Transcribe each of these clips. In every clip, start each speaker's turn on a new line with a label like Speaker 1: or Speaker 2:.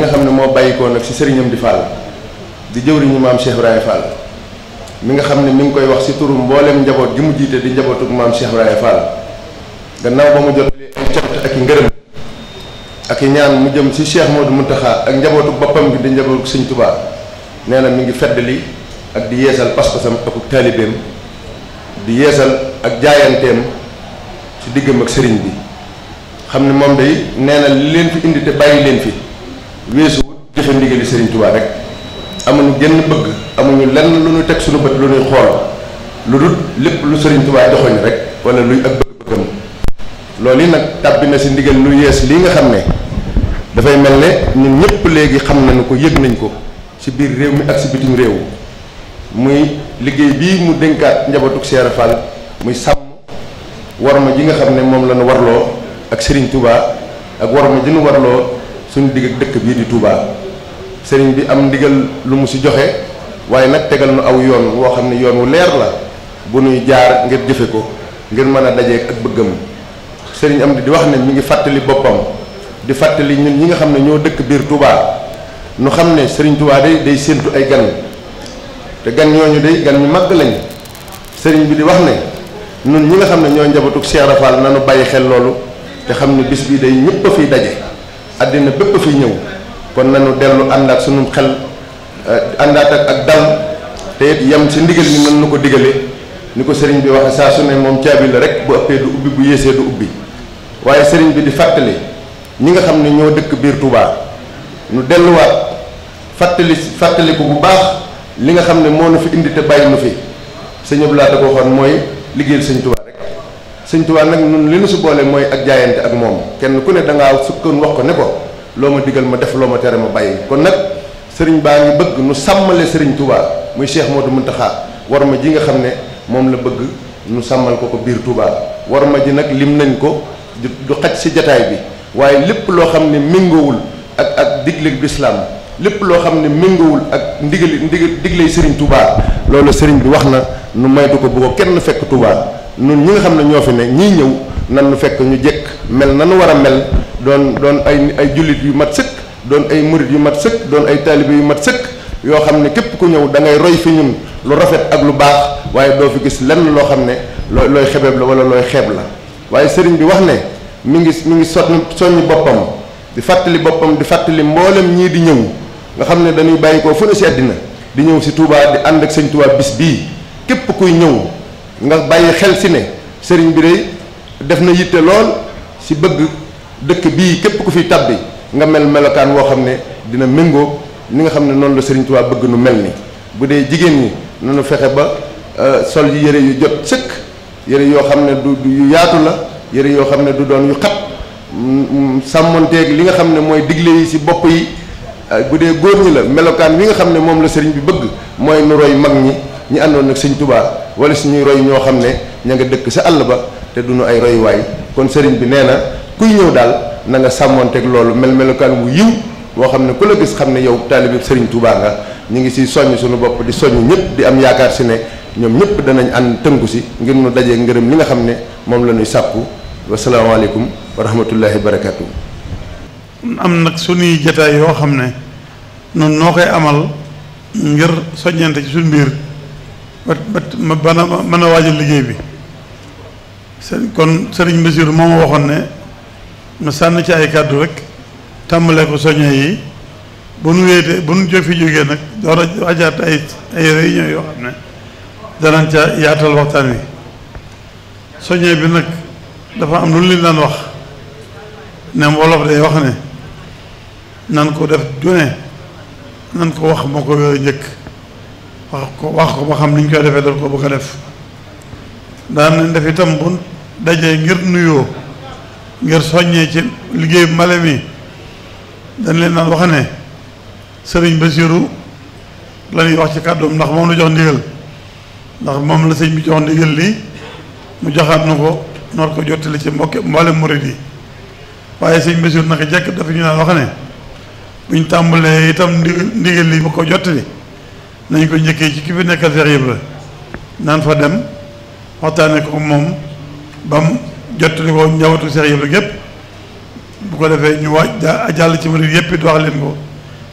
Speaker 1: nga xam ne moo bàyyikoo nag si sëriñam di Fall di jëwriñu maam Cheikh Ibrahima Fall mi nga xam ne mi ngi koy wax si turu mbooleem njaboot gi mu jiite di njabootug maam Cheikh Ibrahima Fall gannaaw ba mu jot ay cant ak i ak i ñaan mu jëm ci moo Cheikh mu Mountakha ak njabootug boppam bi di njabootug Sëñ Touba nee na mi ngi feddali ak di yeesal pas-pasam ak taalibeem di yeesal ak jaayanteem ci diggam ak sëriñ bi xam ne moom day nee na li leen fi indi te bàyyi leen fi. weesu joxe ndigali Serigne tubaa rek amuñu genn bëgg amuñu lenn lu ñu teg suñu bët lu ñuy xool lu dul lépp lu sëriñ tubaa joxoñ rek wala luy ak bëgg-bëggam loolu nag tàbbi na si ndigal lu yees lii nga xam ne dafay mel ne ñun ñëpp léegi xam nañu ko yëg nañ ko si biir réew mi ak si bitim réew muy liggéey bii mu dénkaat njabootu Cheikh Fall muy sàmm warma ji nga xam ne moom la ñu warloo ak sëriñ Touba ak warma ji ñu warloo. suñu digg dëkk bii di Touba sëriñ bi am ndigal lu mu ci joxe waaye nag tegal nu aw yoon woo xam ne yoon wu leer la bu nuy jaar ngir jëfe ko ngir mën a daje ak bëggam sëriñ am di di wax ne mi ngi fàttali boppam di fàttali ñun ñi nga xam ne ñoo dëkk biir Touba nu xam ne sëriñ Touba day day séentu ay gan te gan ñooñu day gan ñu mag lañ sëriñ bi di wax ne nun ñi nga xam ne ñoo njabootu Cheikh na nu bàyyi xel loolu te xam ne bis bii ñëpp fiy daje àddina bépp fi ñëw kon nañu dellu ànd ak suñu xel eh, àndaat ak ak dal te yam yem si ndigal ni mën nu ko digale ni ko sëriñ bi waxe saa su ne moom caabi la rek bu ëppee du ubbi bu yéesee du ubbi waaye sëriñ bi di fàttali ñi nga xam ne ñoo dëkk biir Touba nu delluwaat fàttali fàttaliku bu baax li nga xam ne moo nu fi indi te bàyyi nu fi sëñ Abdoulaye da ko waxoon mooy liggéeyal sëñ Touba. sëñ Tuubaa nag ñun li ñu si boole mooy ak jaayante ak moom kenn ku ne da ngaa sukkoon wax ko ne ko loo ma digal ma def loo ma tere ma bàyyi kon nag sëriñ baa ngi bëgg nu sàmmale sëriñ Tuubaa muy Cheikh Modou xaar war ma ji nga xam ne moom la bëgg nu sàmmal ko ko biir Tuubaa war ma ji nag lim nañ ko du xaj si jataay bi waaye lépp loo xam ne méngoowul ak ak digle digleeg lislaam lépp loo xam ne méngoowul ak ndigali ndigal digle sëriñ Tuubaa loolu sëriñ bi wax na nu maytu ko bu ko kenn fekk Tuubaa ñun ñi nga xam ne ñoo fi ne ñii ñëw nan nu fekk ñu jëkk mel na nu war a mel doon doon ay ay jullit yu mat sëkk doon ay murit yu mat sëkk doon ay taalibe yu mat sëkk yoo xam ne képp ku ñëw dangay roy fi ñun lu rafet ak lu baax waaye doo fi gis lenn loo xam ne looy xebeeb la wala looy xeeb la waaye sëriñ bi wax ne mu ngi mi ngi sot soññ boppam di fàttali boppam di fàttali mboolem ñii di ñëw nga xam ne dañuy bàyyi ko fu ne si di ñëw si Touba di ànd ak sëñ bis bii képp kuy ñëw nga bàyyi xel si ne sëriñ bi dey def na yitte lool si bëgg dëkk bii képp ku fi tàbbi nga mel melokaan woo xam ne dina méngoo ni nga xam ne noonu la sëriñ Tuubaa bëgg nu mel ni bu dee jigéen ñi nanu fexe ba euh, sol yi yëre yu yoo xam ne du yaatu la yëre yoo xam ne du doon yu xat mm, mm, sàmmonteeg li nga xam ne mooy digle yi si bopp yi euh, bu dee góor ñi la melokaan wi nga xam ne moom la sëriñ bi bëgg mooy nu roy mag ñi ñi àndoon nag sëñ tubaa wala suñuy roy ñoo xam ne ña nga dëkk sa àll ba te duñu ay royuwaay kon sëriñ bi nee na kuy ñëw daal na nga sàmmoonteeg loolu mel melokaan wu yiw boo xam ne ku la gis xam ne yow taalibe sëriñ tubaa nga ñu ngi siy soññ sunu bopp di soññ ñëpp di am yaakaar si ne ñoom ñëpp danañ ànd tënku si ngir ñu dajee ngërëm li nga xam ne moom la ñuy sàkku wasalaamaaleykum wa rahmatullahi wa barakatuh
Speaker 2: am nag suñuy jataay yoo xam ne noonu noo koy amal ngir soññante ci suñu mbir ba ba bana mën a waajal liggéey bi kon sëriñ Basiiru moo ma waxoon ne ma sànn ci ay kàddu rek tàmbalee ko soññee yi bu nu wéetee bu nu jëf fi jógee nag door a wajaat ay ay réunion yoo ca yaatal waxtaan wi soññee bi nag dafa am lu leen daan wax ne wolof day wax ne nan ko def du ne ko wax moo ko wér njëkk wax ko wax ko ba xam ni koy defee dal ko bëgg a def daan nañ def itam bu dajee ngir nuyoo ngir soññee ci liggéey male mi dañ leen naan wax ne sëriñ Basiru lañuy wax ci kàddoom ndax moom la jox ndigal ndax moom la sëñ bi jox ndigal lii mu joxaat nu ko noor ko jottali ci mbokki mboolem murid yi waaye sëñ Basiru naka jekk dafa ñu naan wax ne buñ tàmbalee itam ndigal lii mu ko jottali nañ ko njëkkee ci ki fi nekkal Seex Ibra naan fa dem waxtaane ko moom ba jot jottali ko njabootu Seex Ibra bu ko defee ñu waaj jàll ci murid yëpp it wax leen ko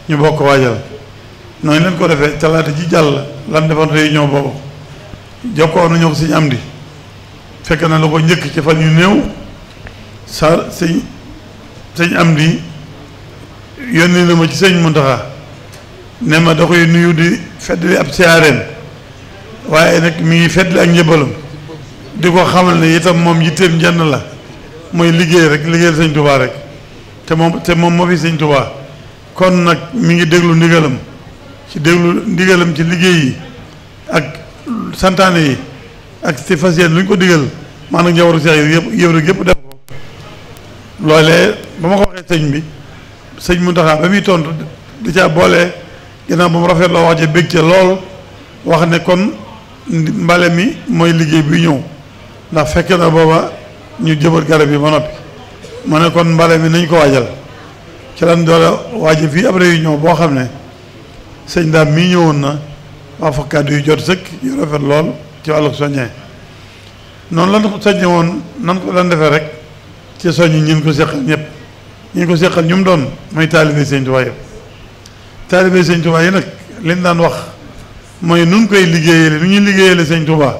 Speaker 2: ñu bokk waajal noonu leen ko defee talaata ji jàll lan defoon réunion boobu jokkoo nañoo ko am di fekk na la ko njëkk ci fan yu néew sa sëñ di Amdi yónni na ma ci sëñ Muntaxa ne ma da koy nuyu di feddli ab caareem waaye nag mi ngi feddli ak njëbalam di ko xamal ne itam moom yitteem jenn la mooy liggéey rek liggéeyal sëñ tubaa rek te moom te moom moo fi sëñ tubaa kon nag mi ngi déglu ndigalam ci déglu ndigalam ci liggéey yi ak santaane yi ak ci fas lu ñu ko digal maanaam njawaru seex yi yëpp yëpp def ko ba ma ko waxee sëñ bi sëñ Muntaxa ba muy tontu di caa boole. ginnaaw ba mu rafet loo wax ja bég ca lool wax ne kon mbale mi mooy liggéey bi ñëw ndax fekk na booba ñu jëmbat garab yi ba noppi ma ne kon mbale mi nañ ko waajal ci lan doole waaje fii ab ñëw boo xam ne sëñ daam mii ñëwoon na waa fa kàddu yu jot sëkk yu rafet lool ci wàllu soññee noonu lan soññe woon nan ko lan defee rek ci soññ ñin ko seqal ñëpp ñin ko seqal ñu mu doon mooy taalibe sëñ Tuubaa yëpp taalibe sëñ Touba yi nag liñ daan wax mooy nun koy liggéeyee liggéeyale nu ñuy liggéeyale sëñ Touba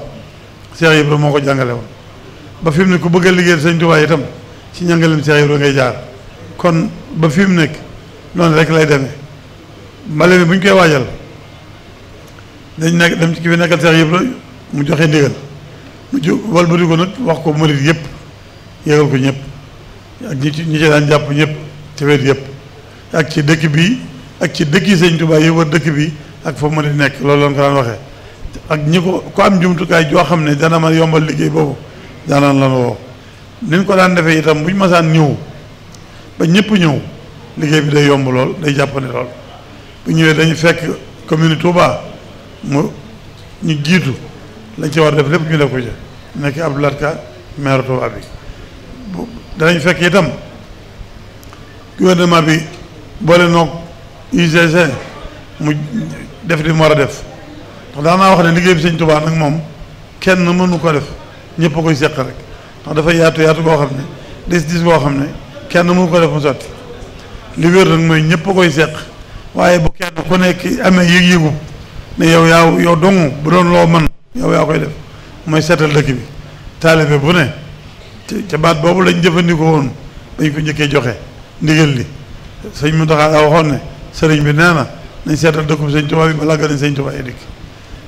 Speaker 2: Cheikh Ibra moo ko jàngale woon ba fi mu ne ku bëgg a liggéeyal sëñ itam ci njàngaleem Cheikh Ibra ngay jaar kon ba fi mu nekk noonu rek lay demee mbale mi bu ñu koy waajal dañ nekk dem ci ki fi nekkal Cheikh Ibra mu joxe ndigal mu ju walbati ko nag wax ko murit yépp yégal ko ñëpp ak ñi ci ci daan jàpp ñëpp ci wet yépp ak ci dëkk bii ak ci dëkki sëñ Tuubaa yi wër dëkk bi ak fa mu di nekk loolu lañ ko daan waxee ak ñi ko ku am jumtukaay joo xam ne dana ma yombal liggéey boobu daanaan lan woo niñ ko daan defee itam ñu masaan ñëw ba ñëpp ñëw liggéey bi day yomb lool day jàppandi lool bu fekk commune Touba mu ñu jiitu lañ ci war def lépp ñu def ko ca nekk Abdou Lahad Ka maire bi danañ fekk itam gouvernement bi boole noog UGC mu def li mu war a def ndax daanaa wax ne liggéey bi sëñ Tuubaa nag moom kenn mënu ko def ñëpp koy seq rek ndax dafa yaatu yaatu boo xam ne dis dis boo xam ne kenn mënu ko def mu sotti li wér mooy ñëpp koy seq waaye bu kenn ko nekk amee yëg-yëgu ne yow yaa yow dong bu doon loo man yow yaa koy def mooy seetal dëkk bi taalibe bu ne te baat boobu lañ jëfandikoo woon dañ ko njëkkee joxe ndigal li sëñ Muntaxa waxoon ne sëriñ bi nee na nañ seetal dëkkub sëñ Tuubaa bi ba làggal a sëñ Tuubaa yi dikk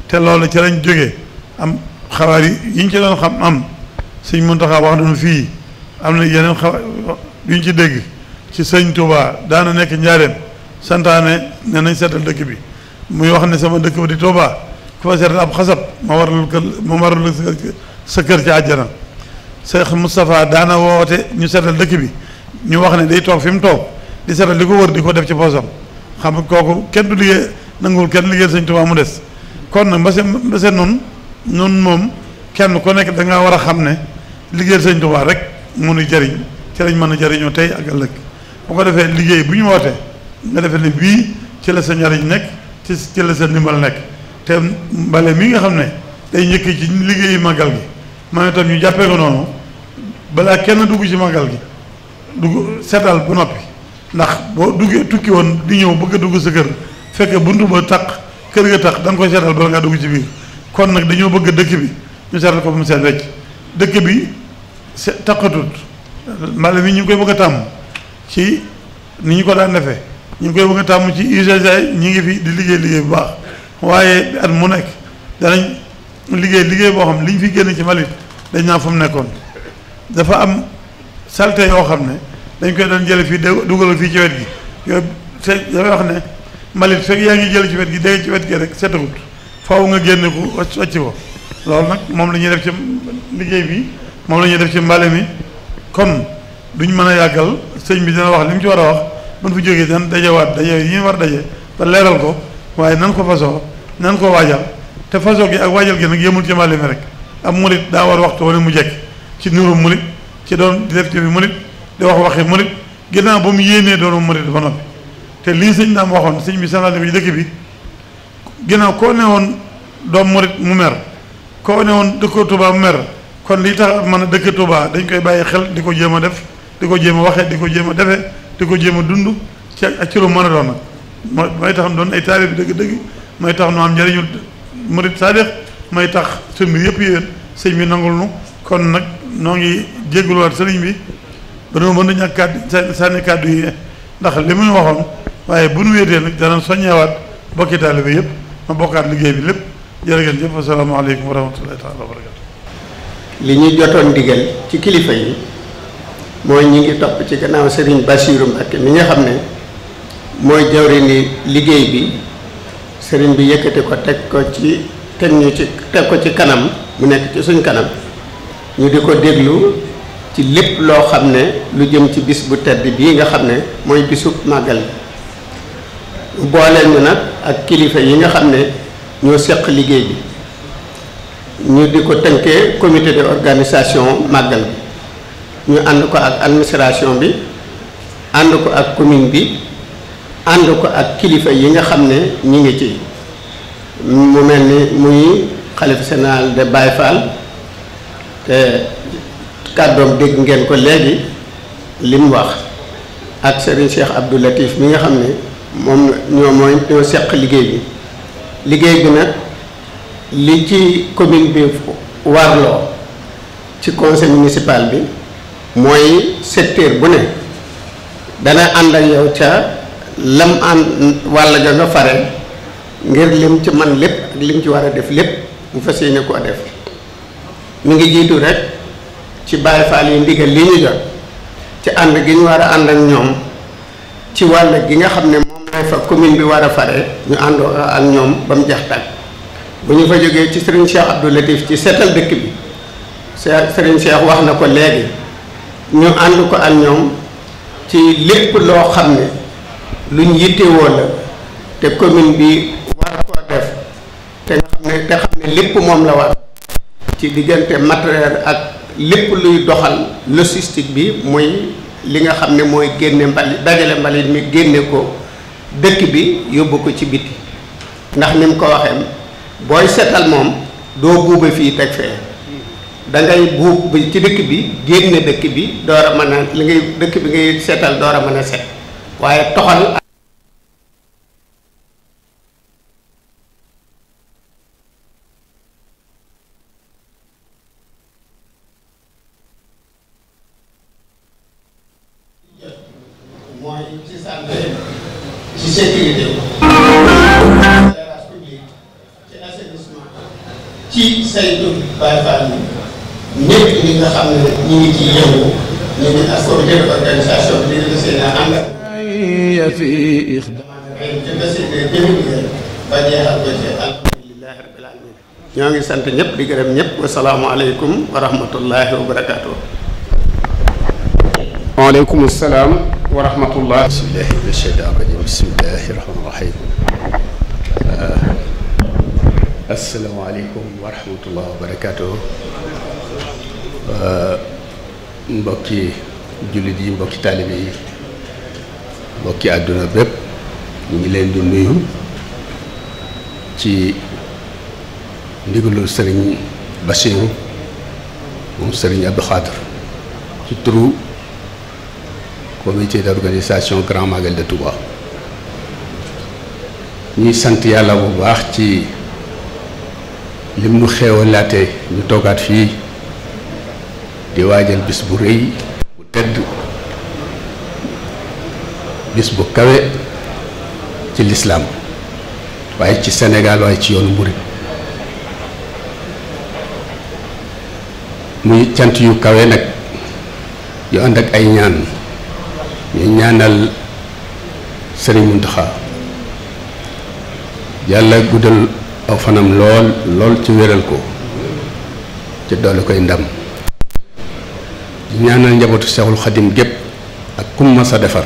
Speaker 2: te loolu ci lañ jógee am xabaar yi yi ñu ci doon xam am sëñ Muntaxa wax nañu fii am na yeneen xabaar ñu ci dégg ci sëñ Tuubaa daana nekk njaareem santaane ne nañ seetal dëkk bi muy wax ne sama dëkk ba di Tuubaa ku fa seetal ab xasab ma waral kër ma waral sa kër ci àjjana Cheikh Moustapha daana woote ñu seetal dëkk bi ñu wax ne day toog fi mu toog di seetal li ko wër di ko def ci poosam xam-xam kooku kenn du liggéey nanguwul kenn liggéey sëñ Tuubaa mu des kon nag mbase mbase noonu noonu moom kenn ko nekk da war a xam ne liggéey sëñ Tuubaa rek mu nu jariñ ci lañ mën a jariñoo tey ak ëllëg bu ko defee liggéey bu ñu wootee nga defee ne bii ci la sa njariñ nekk ci ci la sa ndimbal nekk te mbale mii nga xam ne day njëkk ci liggéeyu màggal gi maa ngi tam ñu jàppee ko noonu balaa kenn dugg ci màggal gi dugg setal bu noppi ndax boo duggee tukki woon di ñëw bëgg a dugg sa kër fekk buntu ba taq kër ga taq danga nga koy seetal bala ngaa dugg ci biir kon nag dañoo bëgg dëkk bi ñu seetal ko ba mu seet wecc dëkk bi se taqatut mbale bi ñu ngi koy bëgg a tàmm ci ni ñu ko daan defee ñu koy bëgg a tàmm ci UGC ñi ngi fi di liggéey liggéey bu baax waaye at mu nekk danañ liggéey liggéey boo xam li ñu fi génn ci mbalit dañ naa fa mu nekkoon dafa am salte yoo xam ne dañ koy doon jële fii dugalal fii ci wet gi yooyu se dafay wax ne mbalit fekk yaa ngi jël ci wet gi dégg ci wet gi rek setagut faaw nga génn ko wàcc ko loolu nag moom la ñuy def ci liggéey bi moom la ñuy def ci mbale mi kon duñ mën a yàggal sëñ bi dina wax li mu ci war a wax man fu jógee dan dajewaat daje yi ñu war daje te leeral ko waaye nan ko fasoo nan ko waajal te fasoo gi ak waajal gi nag yëmul ci mbale mi rek am murit daa war waxtu wane mu jekk ci nuru murit ci doon di def ci di wax waxi murit ginnaaw ba mu yéenee doonu murit ba noppi te lii sëñ daam waxoon sëñ bi sanal bi dëkk bi ginnaaw koo ne woon doom murit mu mer koo ne woon dëkk Tuubaa mu mer kon lii tax mën a dëkk Tuubaa dañ koy bàyyi xel di ko jéem a def di ko jéem a waxee di ko jéem a defee di ko jéem a dund ci ak ci lu mën a doon nag mooy tax doon ay taalibe bi dëgg-dëgg mooy tax noo am njëriñu murit saadix mooy tax sëñ bi yëpp yéen sëñ bi nangul nu kon nag noo ngi jégaluwaat sëriñ bi danoo mën nañu ak kàddu sànni kàddu yi ndax li muy waxoon waaye bu nu wéetee nag dana soññeewaat bokki bi yëpp ma bokkaat liggéey bi lépp jërë ngeen jëf asalaamaaleykum wa rahmatullahi taala wa barakatu li jotoon digal ci kilifa yi
Speaker 3: mooy ñu ngi topp ci gannaaw Serigne Bassirou Mbacké mi nga xam ne mooy jawri ni liggéey bi sëriñ bi yëkkati ko teg ko ci teg ñu ci teg ko ci kanam mu nekk ci suñ kanam ñu di ko déglu ci lépp loo xam ne lu jëm ci bis bu tedd bii nga xam ne mooy bisub màggal bi booleel nag ak kilifa yi nga xam ne ñoo seq liggéey bi ñu di ko tënkee comité de organisation màggal bi ñu ànd ko ak administration bi ànd ko ak commune bi ànd ko ak kilifa yi nga xam ne ñi ngi ci mu mel ni muy xalif général de Baye te kàddoom dégg ngeen ko léegi li mu wax ak Serigne Cheikh Abdou Latif mi nga xam ne moom ñoo mooy ñoo seq liggéey bi liggéey bi nag li ci commune bi warloo ci conseil municipal bi mooy secteur bu ne dana ànd ak yow ca lam ànd wàll ga nga fare ngir lim ci man lépp ak lim ci war a def lépp mu fas yéene koo def mi ngi jiitu rek ci Baye Fall yi ndigal li ñu jot ci ànd gi ñu war a ànd ñoom ci wàll gi nga xam ne moom lay fa commune bi war a fare ñu àndoo ak ñoom ba mu jeex tàkk bu ñu fa jógee ci sëriñ Cheikh Abdou Latif ci seetal dëkk bi sëriñ Cheikh wax na ko léegi ñu ànd ko ak ñoom ci lépp loo xam ne luñ yittewoo la te commune bi war koo def te nga xam ne te lépp moom la war ci diggante matériel ak lépp luy doxal logistique bi muy li nga xam ne mooy génne mbalit dajale mbalit mi génne ko dëkk bi yóbbu ko ci biti ndax ni mu ko waxee booy seetal moom doo buuba fii teg fee da ngay buub bi ci dëkk bi génne dëkk bi door a mën a li ngay dëkk bi ngay seetal door a mën a set waaye toxal في إخدام ñoo ngi sant ñëpp di gërëm ñëpp wasalaamualeykum wa rahmatullahi wa barakaatu.
Speaker 4: waaleykum salaam wa rahmatullah. bismillahi
Speaker 3: mina shaytaan rajim bismillahi
Speaker 4: rahmaani rahim. Uh, asalaamaaleykum wa rahmatullah wa barakaatu. Uh, mbokki jullit yi mbokki taalibe yi. mbokki àdduna bépp ñu ngi leen di nuyu ci ndigalul sëriñ Bassirou moom sëriñ Abdou Khadir ci turu comité d'organisation Grand Magal de Touba ñuy sant yàlla bu baax ci lim nu xeewalaate ñu toogaat fii di waajal bis bu rëy bu tedd gis bu kawe ci lislaam waaye ci Sénégal waaye ci yoonu murit muy cant yu kawe nag yu ànd ak ay ñaan ñu ñaanal Sëriñ Muntaxa yàlla guddal aw fanam lool lool ci wéral ko ci doole koy ndam di ñaanal njabootu Seexul Xadim gépp ak kum ma sa defar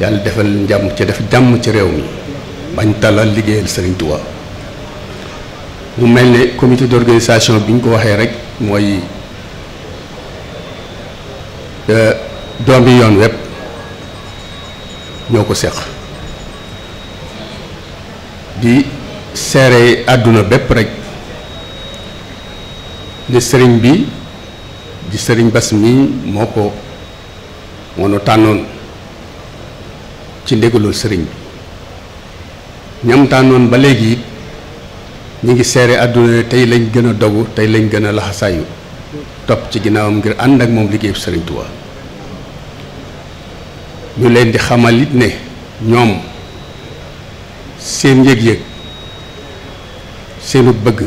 Speaker 4: yàlla defal jàmm ci def jàmm ci réew mi bañ talal liggéeyal Serigne mu mel ni comité d'organisation bi ñu ko waxee rek mooy euh, doomi yoon wépp ñoo ko seq di seere àdduna bépp rek ne sëriñ bi di sëriñ Bass mi moo ko moo nu tànnoon ci ndégalul sëriñ bi ñam ba léegi it ñi ngi seere àdduna tey lañ gën a dogu tey lañ gën a laxasaayu topp ci ginnaawam ngir ànd ak moom liggéey sëriñ Tuubaa ñu leen di xamal it ne ñoom seen yëg-yëg seenu bëgg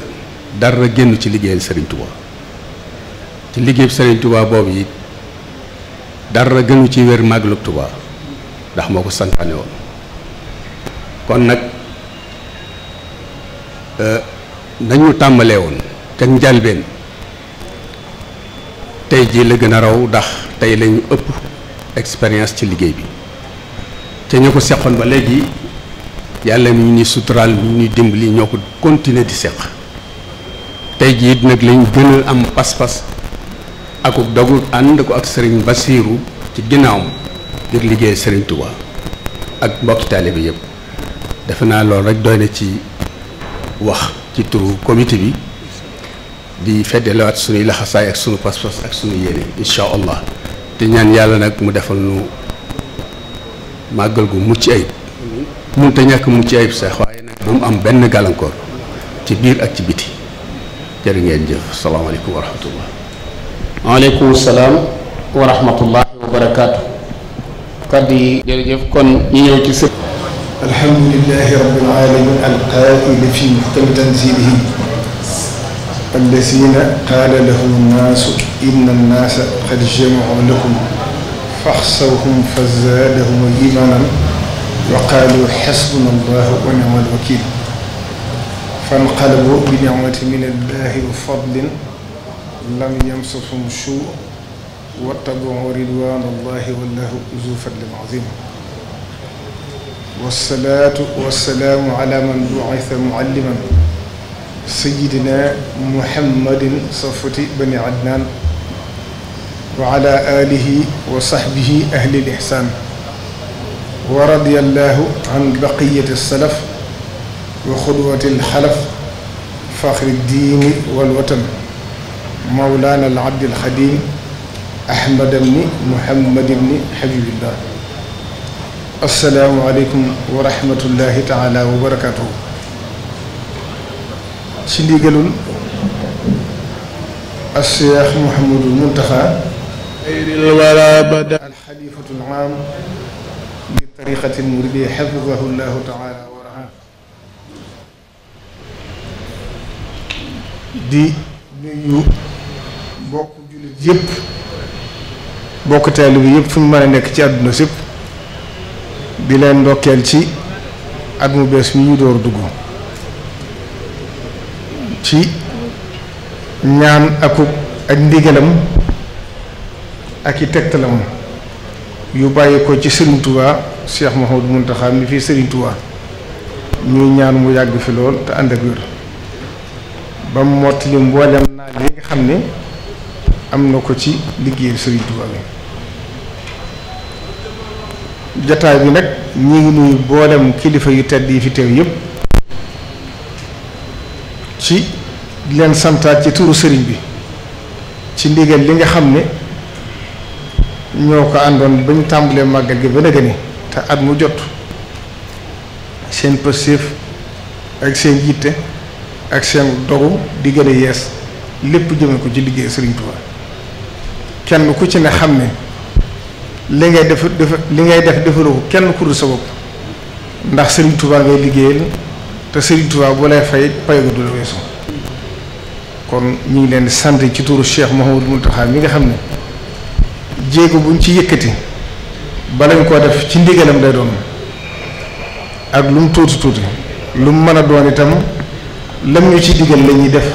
Speaker 4: dara génn ci liggéeyal sëriñ Tuubaa ci liggéey sëriñ Tuubaa boobu it dara gënu ci wér màggalu Tuubaa ndax moo ko santaane woon kon nag euh, nañu tàmbalee woon ca njalbeen tey jii la gën a raw ndax tey lañu ëpp expérience ci liggéey bi te ñoo ko seqoon ba léegi yàlla mi ni suturaal mi ñuy dimbali ñoo ko continuer di seq tey jii nag lañ gën am pas-pas akuk dogu ànd ko ak sëriñ Basiiru ci ginnaawam ngir liggéey Serigne Touba ak mbokki taalibe yëpp defe naa lool rek doy na ci wax ci turu comité bi di feddelewaat suñuy laxasaay ak sunu pas-pas ak sunu yéene incha allah te ñaan yàlla nag mu defal nu màggal gu mucc ayib mun te ñàkk mucc ayib sax waaye nag bu mu am benn gàllankoor ci biir ak ci biti jërë ngeen jëf salaamaaleykum wa rahmatullah salaam
Speaker 5: wa wa barakaatu kaddu yi jërëjëf kon ñu ñëw ci sëb alhamdulilahi rabbil alamin alqaa'il fi muxkami tanzilihi allazina qaala lahum nnaasu inna nnaasa qad jamacuu lakum faxsawhum fazaadahum imaanan wa qaalu xasbuna allahu wa nicma alwakiil fanqalabu bi nicmati min allahi wa fadlin lam yamsashum suu wattabi'u ridwaanallahi wallaahu zu fadlin aziim wassalaatu wassalaamu alaa man bu'itha mu'alliman sayyidinaa Muhammadin safwati bani Adnaan wa alaa aalihi wa sahbihi ahlil ihsaan wa radiyallaahu an baqiyyati salaf wa xudwatil xalaf faxri diini wal watan mawlaana al abdil xadiim Ahmad ibn Muhammad ibn Habibillah assalaamu aleykum wa rahmatullahi taala wa barakaatuhu ci ndigalul Cheikh Mouhamadul Muntaxa alxalifatul aam
Speaker 6: li tariqatil muridiyya xafidahu llahu taala
Speaker 5: wa raa di nuyu mbokk jullit yépp bokk taalibe yëpp fu ñu mën a nekk ci àdduna sépp di leen ndokkeel ci at mu bees mi ñu door dugg ci ñaan akub ak ndigalam ak i tegtalam yu bàyyi ko ci Serigne Touba Cheikh Mouhamadou Mountakha mi fi Serigne Touba ñuy ñaan mu yàgg fi lool te ànd ak wér ba mu mottali mboolem naa li nga xam ne am na ko ci liggéey Serigne Touba jataay bi nag ñi ngi nuyu boolem kilifa yu tedd yi fi teew yëpp ci leen santaat ci turu Serigne bi ci ndigal li nga xam ne ñoo ko àndoon ba tàmbalee màggal gi ba nëgë ni te at mu jot seen pëstéef ak seen yitte ak seen dogu di gën a yees lépp jëme ko ci liggéey Serigne Touba kenn ku ci ne xam ne li ngay def def li ngay def defaloo ko kenn kur dul sa bopp ndax Serigne Touba ngay liggéeyal te Serigne Touba bu lay fay pay ko du la kon ñu ngi leen di sant ci turu Cheikh Mouhamadou Mountakha mi nga xam ne jéego buñ ci yëkkati balañ koo def ci ndigalam day doon ak lu mu tuuti tuuti lu mu mën a doon itam lam ci digal lañuy def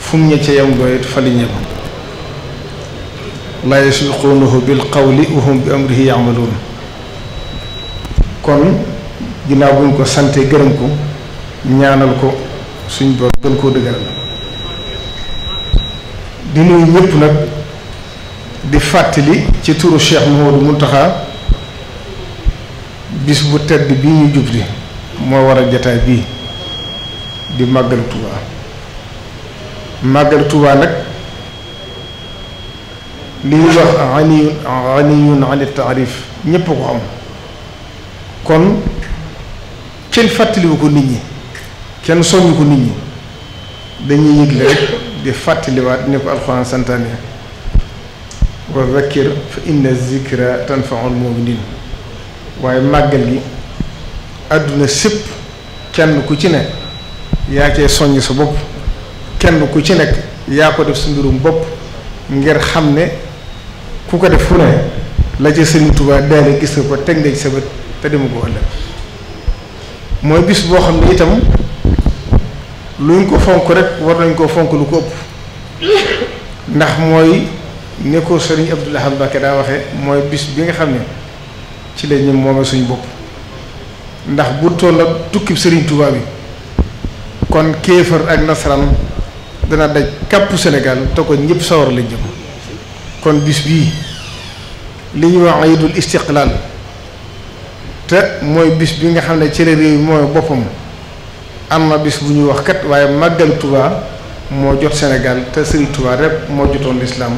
Speaker 5: fu mu ñëcc yam doyit fa la ñëpp laa yasuquunahu bil qawli wa hum bi amrihi yamaluun kon ginnaaw buñ ko sante gërëm ko ñaanal ko suñ borom gën koo dëgëral di nuyu ñëpp nag di fàttali ci turu Cheikh Mouhamadou Mountakha bis bu tedd bi ñu jubli moo waral jataay bii di màggal Tuubaa màggal Tuubaa nag li ñuy wax aniyun aniyun taarif ñépp ko xam kon kenn fàttaliwu ko nit ñi kenn soññu ko nit ñi dañuy yëgle rek di fàttaliwaat ni ko alxuraan santaane wa zakkir fa inna zikra tanfaul muminin waaye màggal gi àdduna sépp kenn ku ci nekk yaa cee soññ sa bopp kenn ku ci nekk yaa ko def sa mbirum bopp ngir xam ne ku ko def fu ne la ca Sëriñ Tuubaa daale gis nga ko teg nga ci sa te demu ko ëllëg mooy bis boo xam ne itam luñ ko fonk rek war nañ koo fonk lu ko
Speaker 6: ëpp
Speaker 5: ndax mooy ne ko Sëriñ Abdou Lahad daa waxe mooy bis bi nga xam ne ci la ñu moome suñu bopp ndax bu toll ak tukki Sëriñ tubaab bi kon kéefar ak nasaraan dana daj kàppu Sénégal te ko ñëpp sawar la jëm kon bis bii li ñuy wax dul istiqlaal te mooy bis bi nga xam ne cere la réew mooy boppam am na bis bu ñuy wax kat waaye màggal Tuba moo jot senegal te Serigne Touba rek moo jotoon lislaam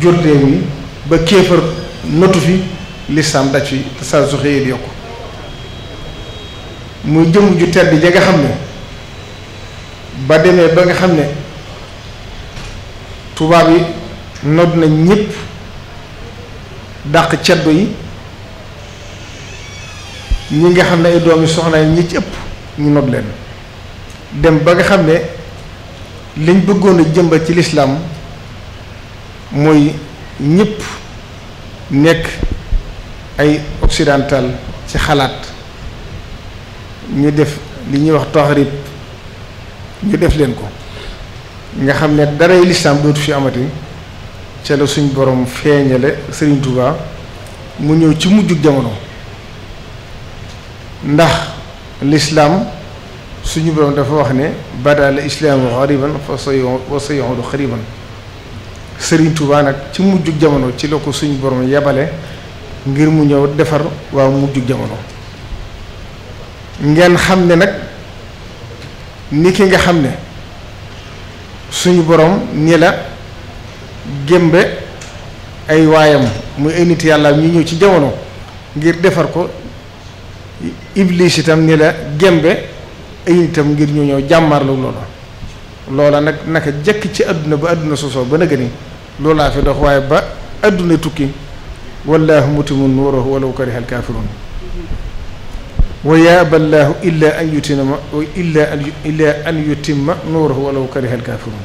Speaker 5: jot réew mi ba kéefar notu fi lislaam daj fi te saa su xëyee di yokku muy jëm ju tedd ja nga xam ne ba demee ba nga xam ne Tuba bi. nodd nañ ñëpp dàq ceddo yi ñi nga xam ne ay doomi soxna yi ñi ci ëpp ñu nodd leen dem ba nga xam ne liñ bëggoon a jëmbat ci lislaam mooy ñëpp nekk ay occidental ci xalaat ñu def li ñuy wax taxrib ñu def leen ko nga xam ne daray lislaam dootu fi amati ca la suñ borom feeñale Serigne Touba mu ñëw ci mujjug jamono ndax lislaam suñu borom dafa wax ne bada al islaamu xariban fa sa yo wa sa yoxodu xariban Serigne Touba nag ci mujjug jamono ci la ko suñu borom yebale ngir mu ñëw defar waa mujjug jamono ngeen xam ne nag ni ki nga xam ne suñu borom ni la gémbe ay waayam muy ay nit yàlla ñu ñëw ci jamono ngir defar ko iblis itam ni la gémbe ay ngir ñu ñëw jàmmarlu loola loola nag naka jëkk ci àdduna ba àdduna sosoo ba nëgëni loolaa fi dox waaye ba àdduna tukki wallaahu mutimu nuurahu walaw kariha alkaafiruun wa yaaba llaahu illaa an yutima illaa an yutimma nuurahu walaw kariha alkaafiruun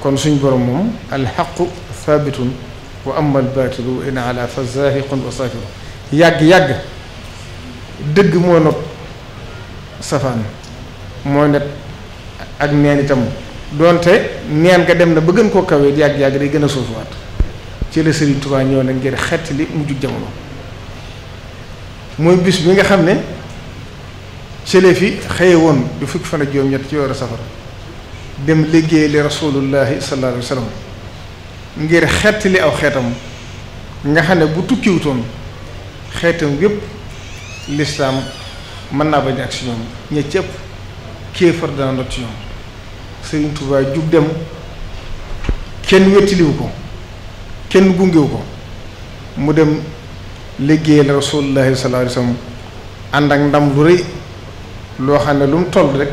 Speaker 5: kon suñ borom moom alxaqu thabitun wa ama albaatilu in ala fa zahiqun wa saafiru yàgg-yàgg dëgg moo not safaan mooy net ak neen itam doonte neen nga dem na ba gën koo kawee yàgg-yàgg day gën a suufuwaat ci la Sëriñ Tuubaa ñëw na ngir xett li mujj jamono mooy bis bi nga xam ne cële fi xëye woon du fukki fan ak juróom-ñett ci weeru safar dem liggéey li rasulullahi sallallahu alayhi wa sallam ngir xettali aw xeetam nga xam ne bu tukkiwutoon xeetam yépp lislaam mën naa ba ak si ñoom ña cëpp kéefar dana ndot ci ñoom Sëriñ dem kenn wettiliwu ko kenn gungewu ko mu dem liggéeyal rasulullahi sallallahu alayhi wa sallam ànd ak ndam lu rëy loo xam ne lu mu toll rekk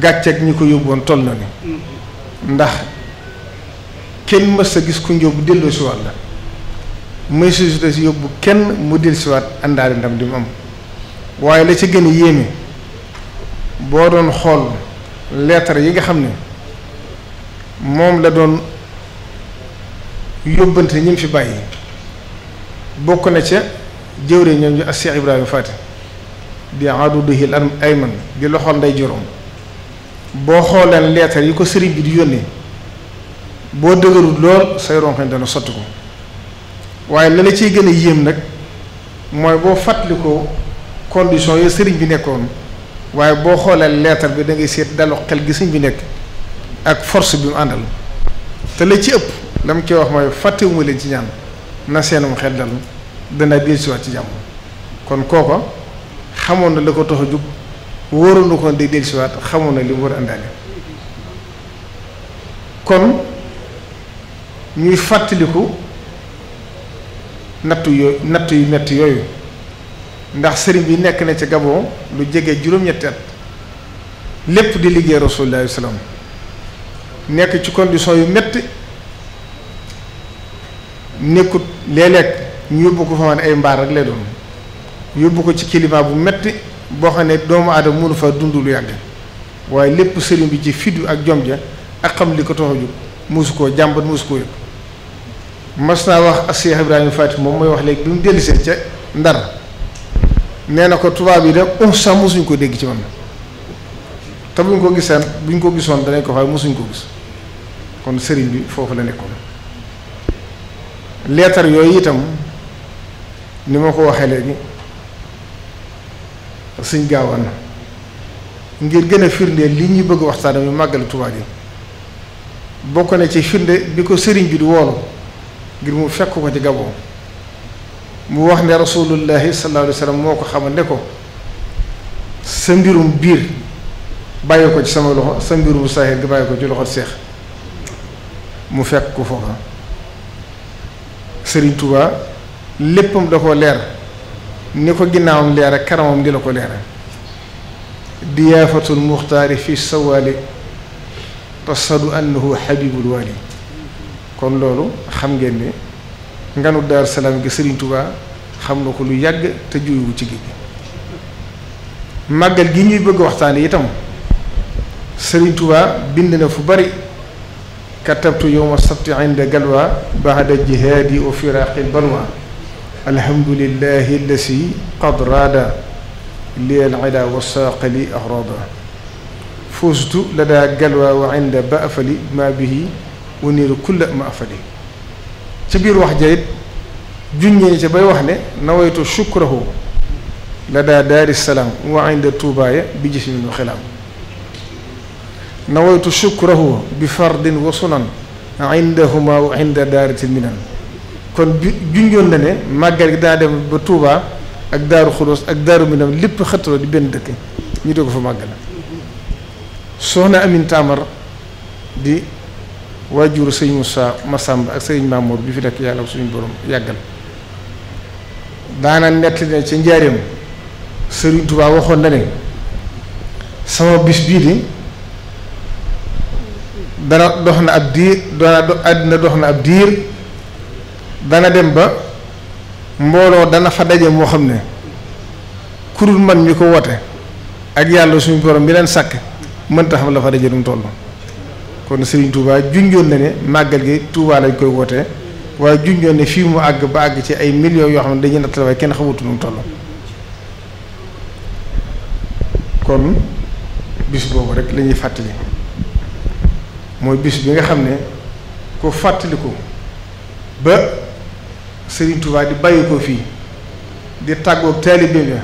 Speaker 5: gàcceeg ñi ko yóbboon toll na ni mm-hmm. ndax kenn mës a gis ku njóobu delloo si waat la may susité si yóbbu kenn mu del si ndam di mu am waaye la ci gën a yéeme boo doon xool leetar yi nga xam ne moom la doon yóbbante ñi mu fi bàyyi bokk na ca jëwre ñoom ñu ak Cheikh Ibrahima Fati di aduduhil ayman di loxol nday juróom boo xooleen leetar yi ko sëriñ bi di yónnee boo dëgërul lool say ronkoñ dana sotti ko waaye la la ciy gën a yéem nag mooy boo fàttalikoo condition yooyu sëriñ bi nekkoon waaye boo xoolee leetar bi da seet dalu xel gi sëriñ nekk ak force bi àndal te la ci ëpp la mu wax mooy fàttewuma leen ci ñaan na seenum xel dal dana dellusiwaat ci jàmm kon kooko xamoon na la ko tox a jóg wóoroon na kon day dellusiwaat xamoon na li mu war a àndaale kon ñuy fàttaliku natt yu metti yooyu ndax sëriñ bi nekk na ci Gabon lu jege juróom-ñetti at lépp di liggéey Rasulullah salaam nekk ci condition yu metti nekkut léeg-léeg ñu yóbbu ko fa ay mbaar rek lay doon yóbbu ko ci climat bu metti boo xam ne doomu aadama mënu fa dund lu yàgg waaye lépp sëriñ bi ci fiddu ak jom ja ak xam li ko tax a jóg mosu koo jàmbat mosu ko yëg mas naa wax ak Cheikh Ibrahima Fatick moom mooy wax léegi bi mu dellisee ca Ndar nee na ko tubaab yi rek un cent mosuñ ko dégg ci man te buñ ko gisaan buñ ko gisoon danañ ko waaye mosuñ ko gis kon sëriñ bi foofu la nekkoon leetar yooyu itam ni ma ko waxee léegi. suñ gaawaan ngir gën a firndeel li ñuy bëgg waxtaan mi màggal Tuubaa gi bokk na ci firnde bi ko sëriñ bi di woolu ngir mu fekk ko ci Gabon mu wax ne rasulullahi sallallahu alayhi wa moo ko xamal ne ko sa mbirum biir bàyyi ko ci sama loxo sa mbirum saaxir gi bàyyi ko ci loxo seex mu fekk ko foofa sëriñ Tuubaa léppam da ko leer ni ko ginnaawam leera karamam di la ko leera diyaafatul muxtaari fi sawaali tashadu annahu xabibul waali kon loolu xam ngeen ne nganu daar salaam gi Sëriñ Tuubaa xam na ko lu yàgg te juuyu ci géej màggal gi ñuy bëgg waxtaane itam Sëriñ Tuubaa bind na fu bari katabtu yowma sabti inda galwa baada jihaadi wa firaaqi alhamdulillahi allasi qad raada li alcila wasaaqali ahraada fustu ladaa galwaa wa inda baafali ma bihi uniiru kulla ma afali ci biir wax jayit junñee ca bay wax ne nawaytu shukrahu ladaa daari salaam wa inda tuubaaya bi jismin wa xilaam nawaytu shukrahu bi fardin wa sunan indahuma wa inda daaritil minan kon bi junjoon na ne màggal gi daa dem ba tuubaa ak Daaru Xudoos ak Daaru Minam lépp xëttaloo di benn dëkk ñu dee ko fa màggal soxna Amin Tamar di waajuru sëñ Moussa Massamba ak sëñ Mamour bi fi nekk yàlla suñu borom yàggal daana nett ne ca njaareem sëriñ Touba waxoon na ne sama bis bii di dana dox na ab diir dana àddina dox na ab diir dana dem ba mbooloo dana fa daje moo xam ne kurul man mi ko woote ak yàlla suñu borom bi leen sàkk mënta xam la fa daje dum toll kon Serigne Touba juñ na ne màggal gi Touba lañ koy woote waaye junjoon ne fii mu àgg ba àgg ci ay million yoo xam ne dañuy nattale kenn xamutu nu mu toll kon bis boobu rek lañuy fàttali mooy bis bi nga xam ne ku fàttaliku ba. sëriñ Touba di bàyyi ko fii di tàggoog taalibe bi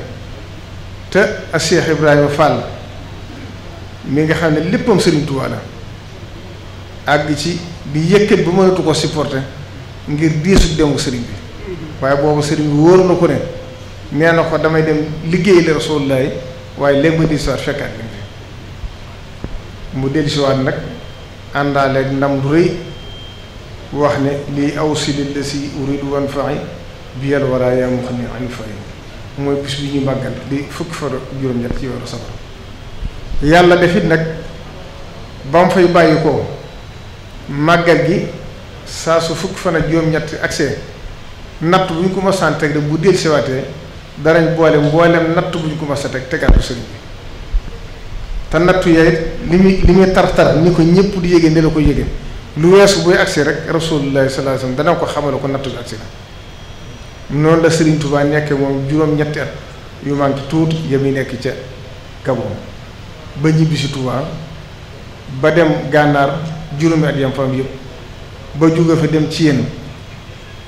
Speaker 5: te ak Cheikh Ibrahima Fall mi nga xam ne léppam Serigne Touba la àgg ci bi yëkkat bu mënatu ko supporter ngir diisu dem Serigne bi waaye boobu Serigne bi wóor na ko ne nee na ko damay dem liggéey la Rasulullaay waaye léegi ma diisuwaat fekkaat mu dellusiwaat nag àndaaleeg ndam lu rëy. wax ne lii aw si li si uridu wan faxi bi yàlla war a yaa mu xam ne ani fari mooy bis bi ñu màggal di fukk fa juróom-ñett ci weeru safar yàlla defit nag ba mu fay bàyyi ko màggal gi saa su fukk fan ak juróom-ñett accès natt bu ñu ko bu dellu siwaatee danañ boole mboolem natt bu ñu ko mos a teg tegaatu sëriñ bi te nattu yooyu li muy li muy tar tar ni ko ñëpp di yége ne la ko yége lu weesu buy agsi rek rasulullahi sallallahu alayhi wasallam dana ko xamal ko natt bi agsi na noonu la Serigne Touba nekk moom juróom-ñetti at yu manqué tuuti yami nekk ca Gabon ba ñibbi si Touba ba dem gànnaar juróomi at yam fa am yëpp ba jóge fa dem ci yéen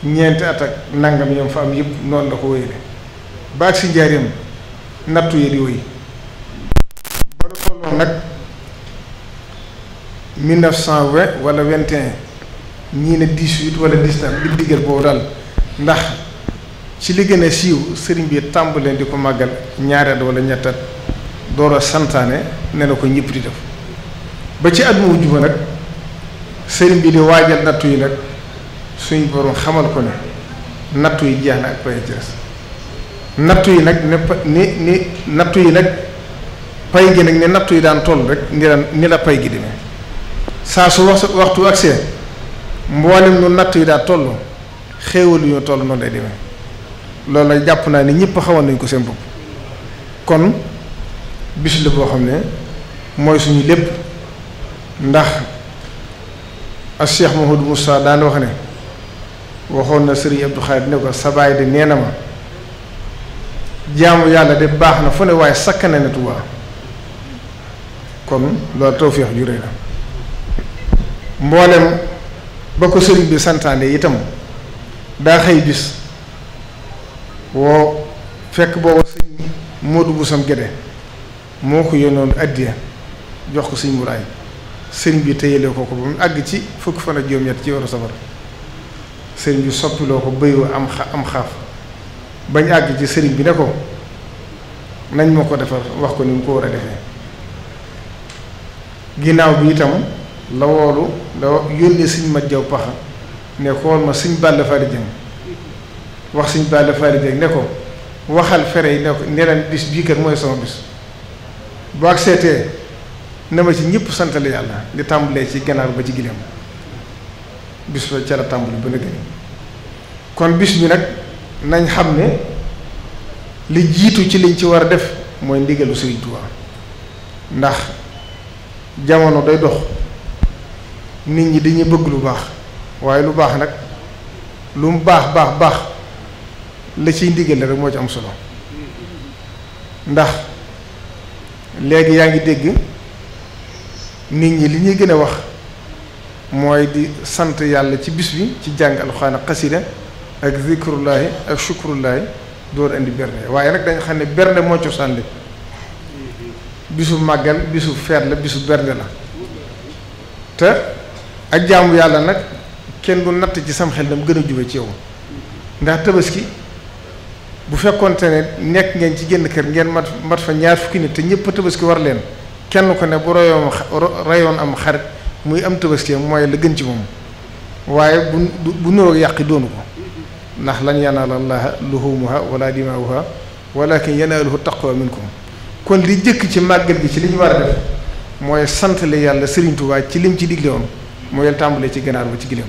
Speaker 5: ñeenti at ak nangam yam fa am yëpp noonu la ko wéyale ba agsi njaareem nattu yi di wéy ba la tolloon nag 1920 wala 21 ñii ne 18 wala 19 di digal boobu daal ndax ci li gën siiw sëriñ bi tàmbalee di ko màggal ñaari at wala ñett door a santaane ne na ko ñëpp di def ba ci at mu mujj ba nag sëriñ bi di waajal nattu yi nag suñ borom xamal ko ne nattu yi jeex na ak pay nattu yi nag ne ni ni nattu yi nag pay gi nag ne nattu yi daan toll rek ni la pay gi demee saa su wax waxtu ak see mboolem nu natt yi daa toll xéewal yu ñu toll noonu lay demee loolu nag jàpp naa ni ñëpp xawoon nañ ko seen bopp kon bis la boo xam ne mooy suñu lépp ndax ak Cheikh Mahoud Moussa daan wax ne waxoon na Serigne Abdou Khadir ne ko sa baay de nee na ma jaamu yàlla de baax na fu ne waaye sakk na ne Tuubaa kon loolu tawfeex ju mboolem ba ko sëriñ bi santaane itam daa xëy bis woo fekk booba sëñ Moodu Busam Gede moo ko yónnoon addiya jox ko sëñ Muraay sëriñ bi téyelee ko ko ba mu àgg ci fukki fan ak juróom ci weeru safar sëriñ bi soppiloo ko bëyu am xa am xaaf bañ àgg ci sëriñ bi ne ko nañ ma ko defar wax ko ni mu ko war a defee ginnaaw bi itam la woolu la yónnee suñ ma jaw paxa ne xool ma suñ Balla Fally Dieng wax suñ Balla Fally Dieng ne ko waxal fere yi ne ko ne leen bis bii kat mooy sama bis boo ak seetee na ma ci ñëpp santale yàlla li tàmbalee ci ganaar ba ci gileem bis ba ca la tàmbali ba nëgëni kon bis bi nag nañ xam ne li jiitu ci liñ ci war a def mooy ndigalu Sëriñ Tuubaa ndax jamono day dox nit ñi dañuy bëgg lu baax waaye lu baax nag lu mu baax baax baax la ciy ndigal rek moo ci am solo ndax léegi yaa ngi dégg nit ñi li ñuy gën a wax mooy di sant yàlla ci bis bi ci jàng alxuraan xasida ak zikrullaahi ak shukrullaahi door indi bernde waaye nag dañ xam ne bernde moo cosaan lépp bisu màggal bisu feet la bisu bernde la te ak jaamu yàlla nag kenn du natt ci sam xel dam gën a jube ci yow ndax tabaski bu fekkonte ne nekk ngeen ci génn kër ngeen mat mat fa ñaar fukki nit te ñëpp tabaski war leen kenn ko ne bu rayoon rayoon am xarit muy am tabaski mooy la gën ci moom waaye bu bu nuroo yàqi doonu ko ndax lan yanaala llaaha luhuumuha wala dimaa'uha walakin yanaaluhu taqwa ko kon li jëkk ci màgget gi ci li ñu war a def mooy sant la yàlla Sëriñ Tuubaa ci lim ci digle woon mooy leen tàmbalee ci ganaar ba ci gileem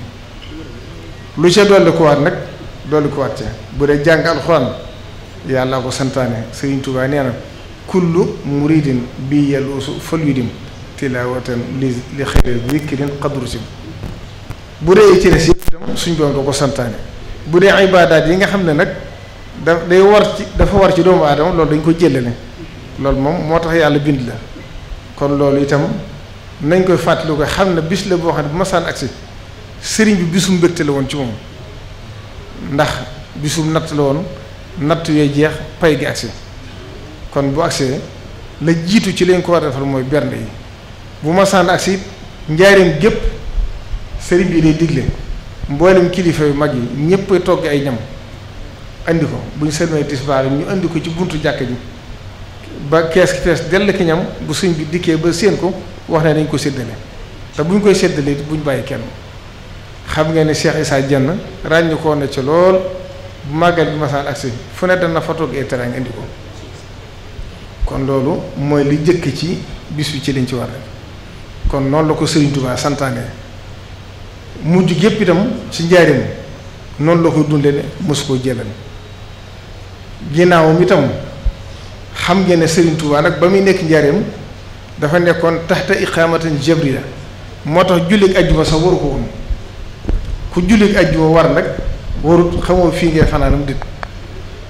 Speaker 5: lu ca dolli ko waat nag dolli ko waat ca bu dee jàng alxuraan yàlla ko santaane Sëriñ Tuubaa nee na kullu muridin bi yaluusu fal yu dim tilaawatan li li xëyre zikrin qadru si bu dee ci des itam suñ borom da ko santaane bu dee ibaadaat yi nga xam ne nag da day war ci dafa war ci doomu aadama loolu dañ ko jëllale loolu moom moo tax yàlla bind la kon loolu itam nañ koy fàttali xam na bis la boo xam ne bu masaan agsi sëriñ bi bisum mbégte la woon ci moom ndax bisum natt la woon natt yooyu jeex pay gi agsi kon bu agsee la jiitu ci lañ ko war a defal mooy bernde yi bu masaan agsi njaareem gépp sëriñ bi day digle mboolem kilifa yu mag yi ñëpp togg ay ñam indi ko bu ñu sëlmay tisbaar ñu indi ko ci buntu jàkk ji ba kees ki fees dell ki ñam bu sëñ bi dikkee ba séen ko wax ne dañ ko séddale te bu ñu koy séddalee bu ñu bàyyi kenn xam nga ne Cheikh Issa Dieng ràññu ko na ci lool bu màggal bi masaan agsi fu ne dana fa toog ay teraanga indi ko kon loolu mooy li jëkk ci bis bi ci liñ ci war rek kon noonu la ko Serigne santaane mujj gépp itam ci njaarim noonu la ko dundee ne mosu koo jëlal ginnaawam itam xam ngeen ne Serigne Touba nag ba muy nekk njaarim dafa nekkoon taxte iqaamatan jabri la moo tax jullit ajjuma sax waru ko woon ku jullit ajjuma war nag warut xamoo fii ngay fanaanam dit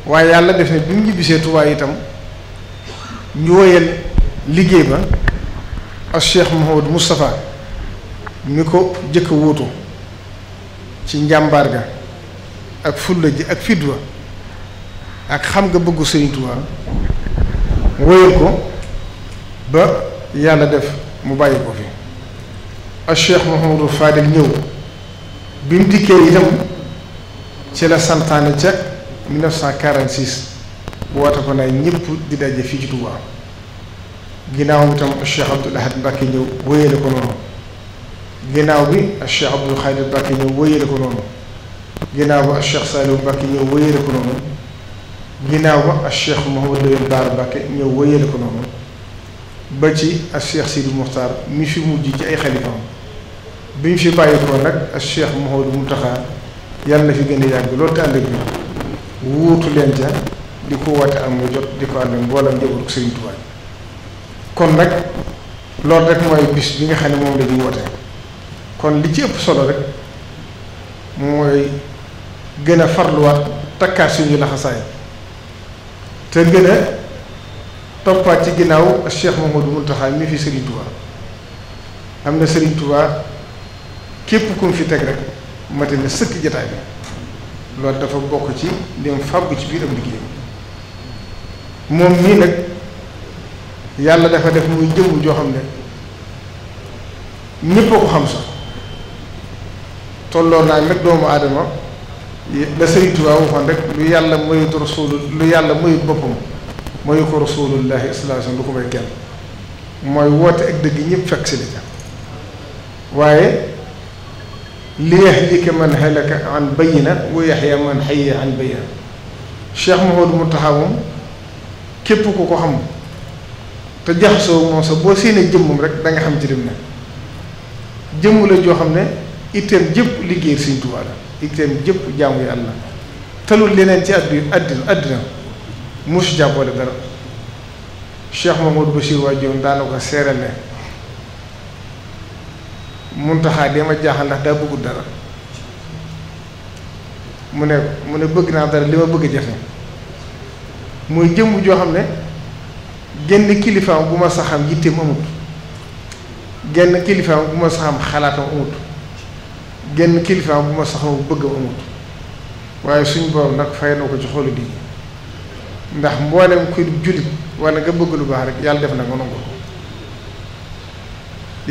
Speaker 5: waaye yàlla def ne bi mu ñibbisee Tuubaa itam ñu woyal liggéey ba ak Cheikh Mouhamadou Moustapha mi ko jëkk wóotu ci njàmbaar ga ak fulla ji ak fit wa ak xam nga bëggu Sëriñ Tuubaa woyal ko ba yàlla def mu bàyyi ko fi ak Cheikh Mouhamadou Fadil ñëw bi mu dikkee itam ci la santaane ca 1946 bu woote ko nag ñëpp di daje fii ci Touba ginnaaw bi tam Cheikh Abdoul Ahad Mbacké ñëw wéyale ko noonu bi ak Cheikh Abdoul Khadir Mbacké ñëw wéyale ko noonu ginnaaw ba ak Cheikh Saliou Mbacké ko noonu ginnaaw ba ak Cheikh Mouhamadou Lamine Bara Mbacké ñëw ko noonu. ba ci ak Cheikh Sidi Mokhtar mi si mujj ci ay xalifaam bi ñu fi bàyyikoo nag ak Cheikh Mouhamadou Mountakha yàlla na fi gën a yàgg loolu te ànd ak ñu wuutu leen ca di ko woote am nga jot di ko ànd ak mboolem njabootu nag loolu rek mooy nga xam ne moom la ñuy woote kon li ci ëpp solo rek mooy gën a farluwaat takkaat suñu laxasaay te gën a toppaat ci ginnaaw Cheikh Mamadou Mountakha mi fi Serigne Touba am na Serigne Touba képp ku mu fi teg rek mate na sëkk jataay bi loolu dafa bokk ci lim fàggu ci biir am liggéeyam moom mii nag yàlla dafa def muy jëmm joo xam ne ñépp a ko xam sax tolloo naa nag doomu aadama la Serigne Touba waxoon rek lu yàlla moyut rasul lu yàlla moyut boppam wayu ko rasulullahi sallallahu alayhi wa sallam ko may kenn mooy woote ak dëgg ñëpp fekk si la ca waaye li yahlika man halaka an bayina wa yaxya man xayya an bayina Cheikh Mouhamadou Mountakha moom képp ku ko xam te jaxasoo moom sax boo séenee jëmmam rek danga xam ci lim ne jëmm la joo xam ne itteem jëpp liggéey Sëriñ Tuubaa la itteem jëpp jaamu Yàlla talul leneen ci àddu àddina àddina musu jàppale dara Cheikh Mamadou Bachir waa Diop ndax daa bëggul dara mu ne mu ne bëgg naa dara li ma bëgg jafe mooy jëmm joo xam ne genn kilifaam bu ma saxam yitteem amut genn kilifaam bu ma saxam xalaatam amut genn kilifaam bu ma saxam bëggam amut waaye suñ borom nag fay na ko ci xolu di ndax mboolem kuy jullit wala nga bëgg lu baax rek yàlla def na nga nangu ko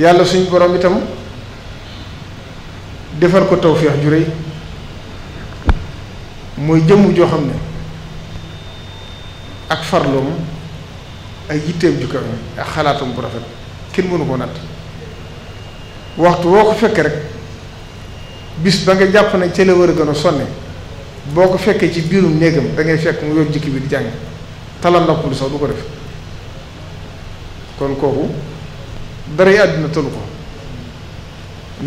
Speaker 5: yàlla suñ borom itam defal ko taw feex rëy mooy jëmm joo xam ne ak farloom ay yitteem ju kawe ak xalaatam bu rafet kenn mënu koo natt waxtu woo ko fekkee rek bis ba nga jàpp ne ca la war a gën a sonne boo ko fekkee ci biirum néegam da ngay fekk mu yor jikki bi di jàng tala noppul sax du ko def kon kooku dara àdduna tëlu ko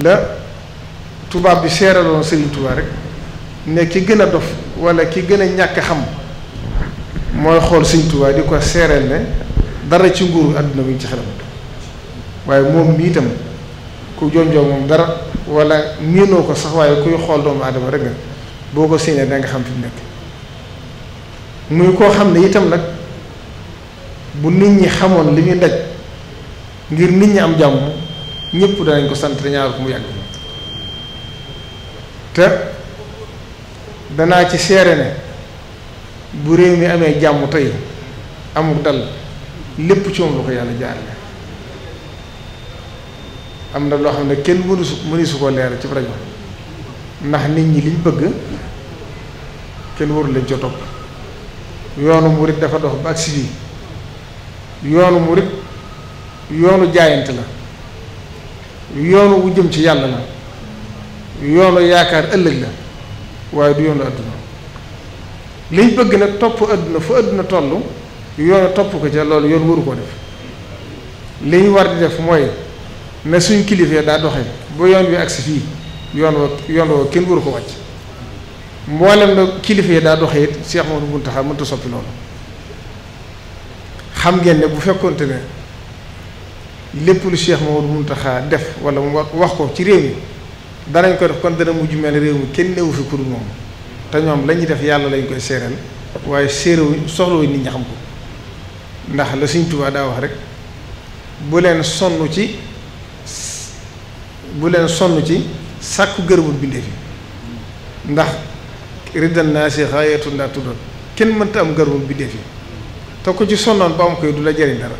Speaker 5: la tubaab bi seeraloon Serigne Touba rek ne ki gën a dof wala ki gën a ñàkk xam mooy xool Serigne Touba di ko seereel ne dara ci nguuru àdduna bi ñu ci xelam waaye moom mi itam ku jonjoo moom dara wala miinoo ko sax waaye kuy xool doomu aadama rek nga boo ko séenee danga xam fi mu nekk muy koo xam ne itam nag bu nit ñi xamoon li muy daj ngir nit ñi am jàmm ñëpp danañ ko sant ñaar ko mu yàgg te danaa ci seere ne bu réew mi amee jàmm tey amul dal lépp ci moom la ko yàlla jaarale am na loo xam ne kenn mënu su mënu su ko leer ci rajo ndax nit ñi liñ bëgg kenn waru leen ca topp yoonu murit dafa dox ba ak si yoonu murit yoonu jaayante la yoonu wu jëm ci yàlla la yoonu yaakaar ëllëg la waaye du yoonu àdduna liñ bëgg na topp àdduna fu àdduna toll yoonu topp ko ca loolu yoon waru ko def li ñu war di def mooy na suñ kilifee daa doxee ba yoon wi agsi fii yoon wa yoon wa kenn waru koo wàcc mboolem na kilifa yi daa doxee it Cheikh Mamadou Mountakha mënta soppi loolu xam ngeen ne bu fekkonte ne lépp lu Cheikh Mamadou taxaa def wala mu wax ko ci réew mi danañ ko def kon dana mujj mel réew mi kenn newu fi kuréel moom te ñoom lañuy def yàlla lañ koy séeral waaye séeréwuñ soxlawuñ nit ñi xam ko ndax la Sëñ Tuubaa daa wax rek bu leen sonn ci bu leen sonn ci sàkku gërëmul bindee fi ndax. riddal naa si xaayatun naa tuddoon kenn mënta am garbu bi defi te ko ci sonnoon ba am koy du la jëriñ dara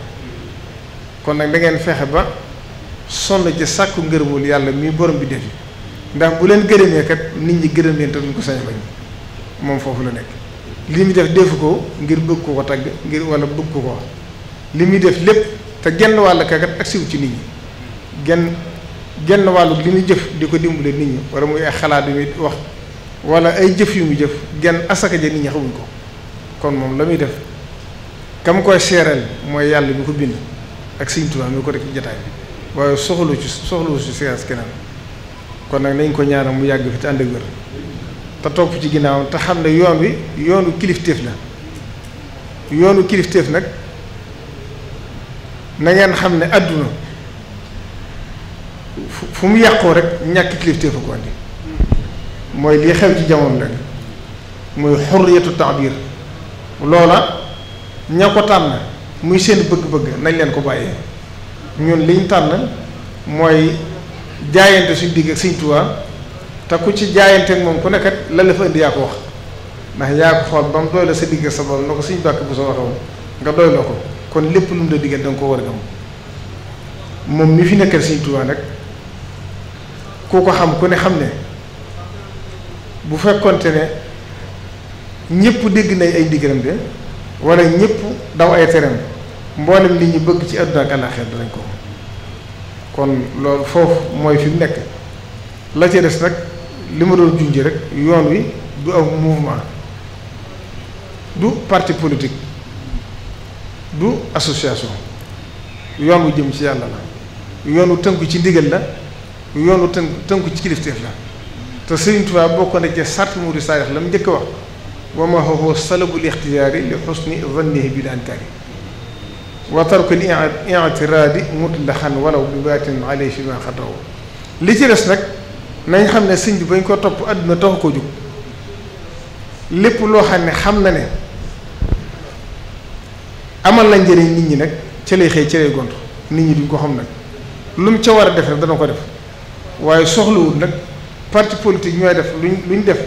Speaker 5: kon nag da ngeen fexe ba sonn ci sàkku ngërëmul yàlla mi borom bi defi ndax bu leen gërëmee nit ñi gërëm leen te duñ ko sañ bañ moom foofu la nekk li muy def defu ko ngir bëgg ko ko tagg ngir wala bëgg ko ko li muy def lépp te genn wàll kakat agsiwu ci nit ñi genn genn wàllu li muy jëf di ko dimbale nit ñi wala muy ay xalaat yu mu wax wala ay jëf yu mu jëf genn asaka ja nit ñi xamuñ ko kon moom la muy def kam koy seereel mooy yàlla mi ko bind ak Sëñ Tuubaa mi ko def jataay waaye soxlu ci soxlu ci séance keneen kon nag nañ ko ñaanal mu yàgg fi te ànd ak te topp ci ginnaaw te xam ne yoon wi yoonu kilifteef la yoonu kilifteef nag na ngeen xam ne àdduna fu mu yàqoo rek ñàkk kilifteef a ko andi mooy lii xew ci jamono la muy xurriyatu taabir loola ña ko tànn muy seen bëgg-bëgg nañ leen ko bàyyee ñun liñ tànn mooy jaayante suñ digg ak Sëñ Tuubaa te ku ci jaayante ak moom ku nekkat la la indi yaa ko wax ndax yaa ko xool ba mu doy la sa digg sa borom na ko suñ bàkk bu sa waxoon nga doy ko kon lépp lu mu la diggante da ko war a gëm moom mi fi nekkal Sëñ Tuubaa nag ku ko xam ku ne xam ne bu fekkonte ne ñëpp dégg nañ ay ndigalam de wala ñëpp daw ay teram mboolem li ñu bëgg ci àdduna ak àllaaxira danañ ko kon loolu foofu mooy fi mu nekk la ca des rek li ma doon junj rek yoon wi du aw mouvement du parti politique du association yoon wu jëm ci yàlla la yoon wu tënku ci ndigal la yoon wu tënku tënku ci kilifteef la te Sëriñ Tuubaa bokk na ca sart murid saalix la mu njëkk a wax wa ma huwa salabul ixtiyaari li xusni zannihi bi dankaari wa tarku li i'tiraadi mutlaxan walaw bi baatin alayhi fi li ci des nag nañ xam ne sëñ bi bañ ko topp àdduna taxu ko jóg lépp loo xam ne xam na ne amal na njëriñ nit ñi nag ca lay xëy nit ñi duñ ko ca war a def rek ko def nag parti politique ñooy def lu ñu def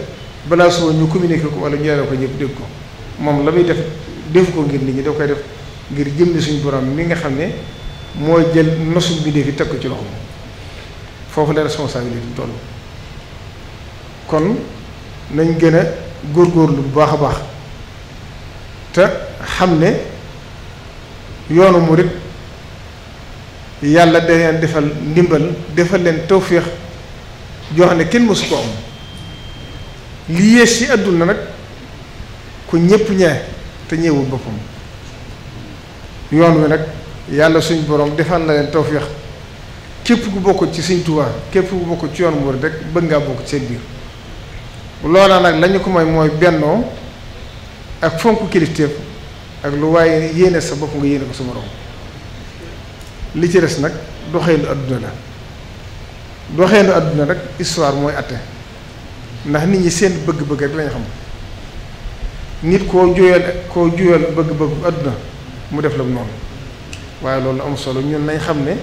Speaker 5: balaa soo ñu communiqué ko wala ñu yore ko ñëpp dégg ko moom la muy def defu ko ngir nit ñi da koy def ngir jëm suñu borom mi nga xam ne mooy jël nosu bi dee fi teg ko ci loxo foofu la responsabilité toll kon nañ gën a góorgóorlu bu baax a baax te xam ne yoonu murit yàlla da defal ndimbal defal leen tawféex jox xam ne kenn mësu ko am li yées ci àdduna nag ku ñépp ñee te ñëwul boppam yoon wi nag yàlla suñ borom defal na leen tawféex képp ku bokk ci Sëñ Tuubaa képp ku bokk ci yoon mu rek bëgg ngaa bokk ci seen biir loola nag lañu ko may mooy bennoo ak fonk kilifteef ak lu waaye yéene sa bopp nga yéene ko sa moroom li ci des nag doxeelu àdduna la doxeenu àdduna rek histoire mooy atte ndax nit ñi seen bëgg-bëgg rek lañu xam nit koo juyal koo juyal bëgg-bëgg bu àdduna mu def la noonu waaye loolu am solo ñun nañ xam ne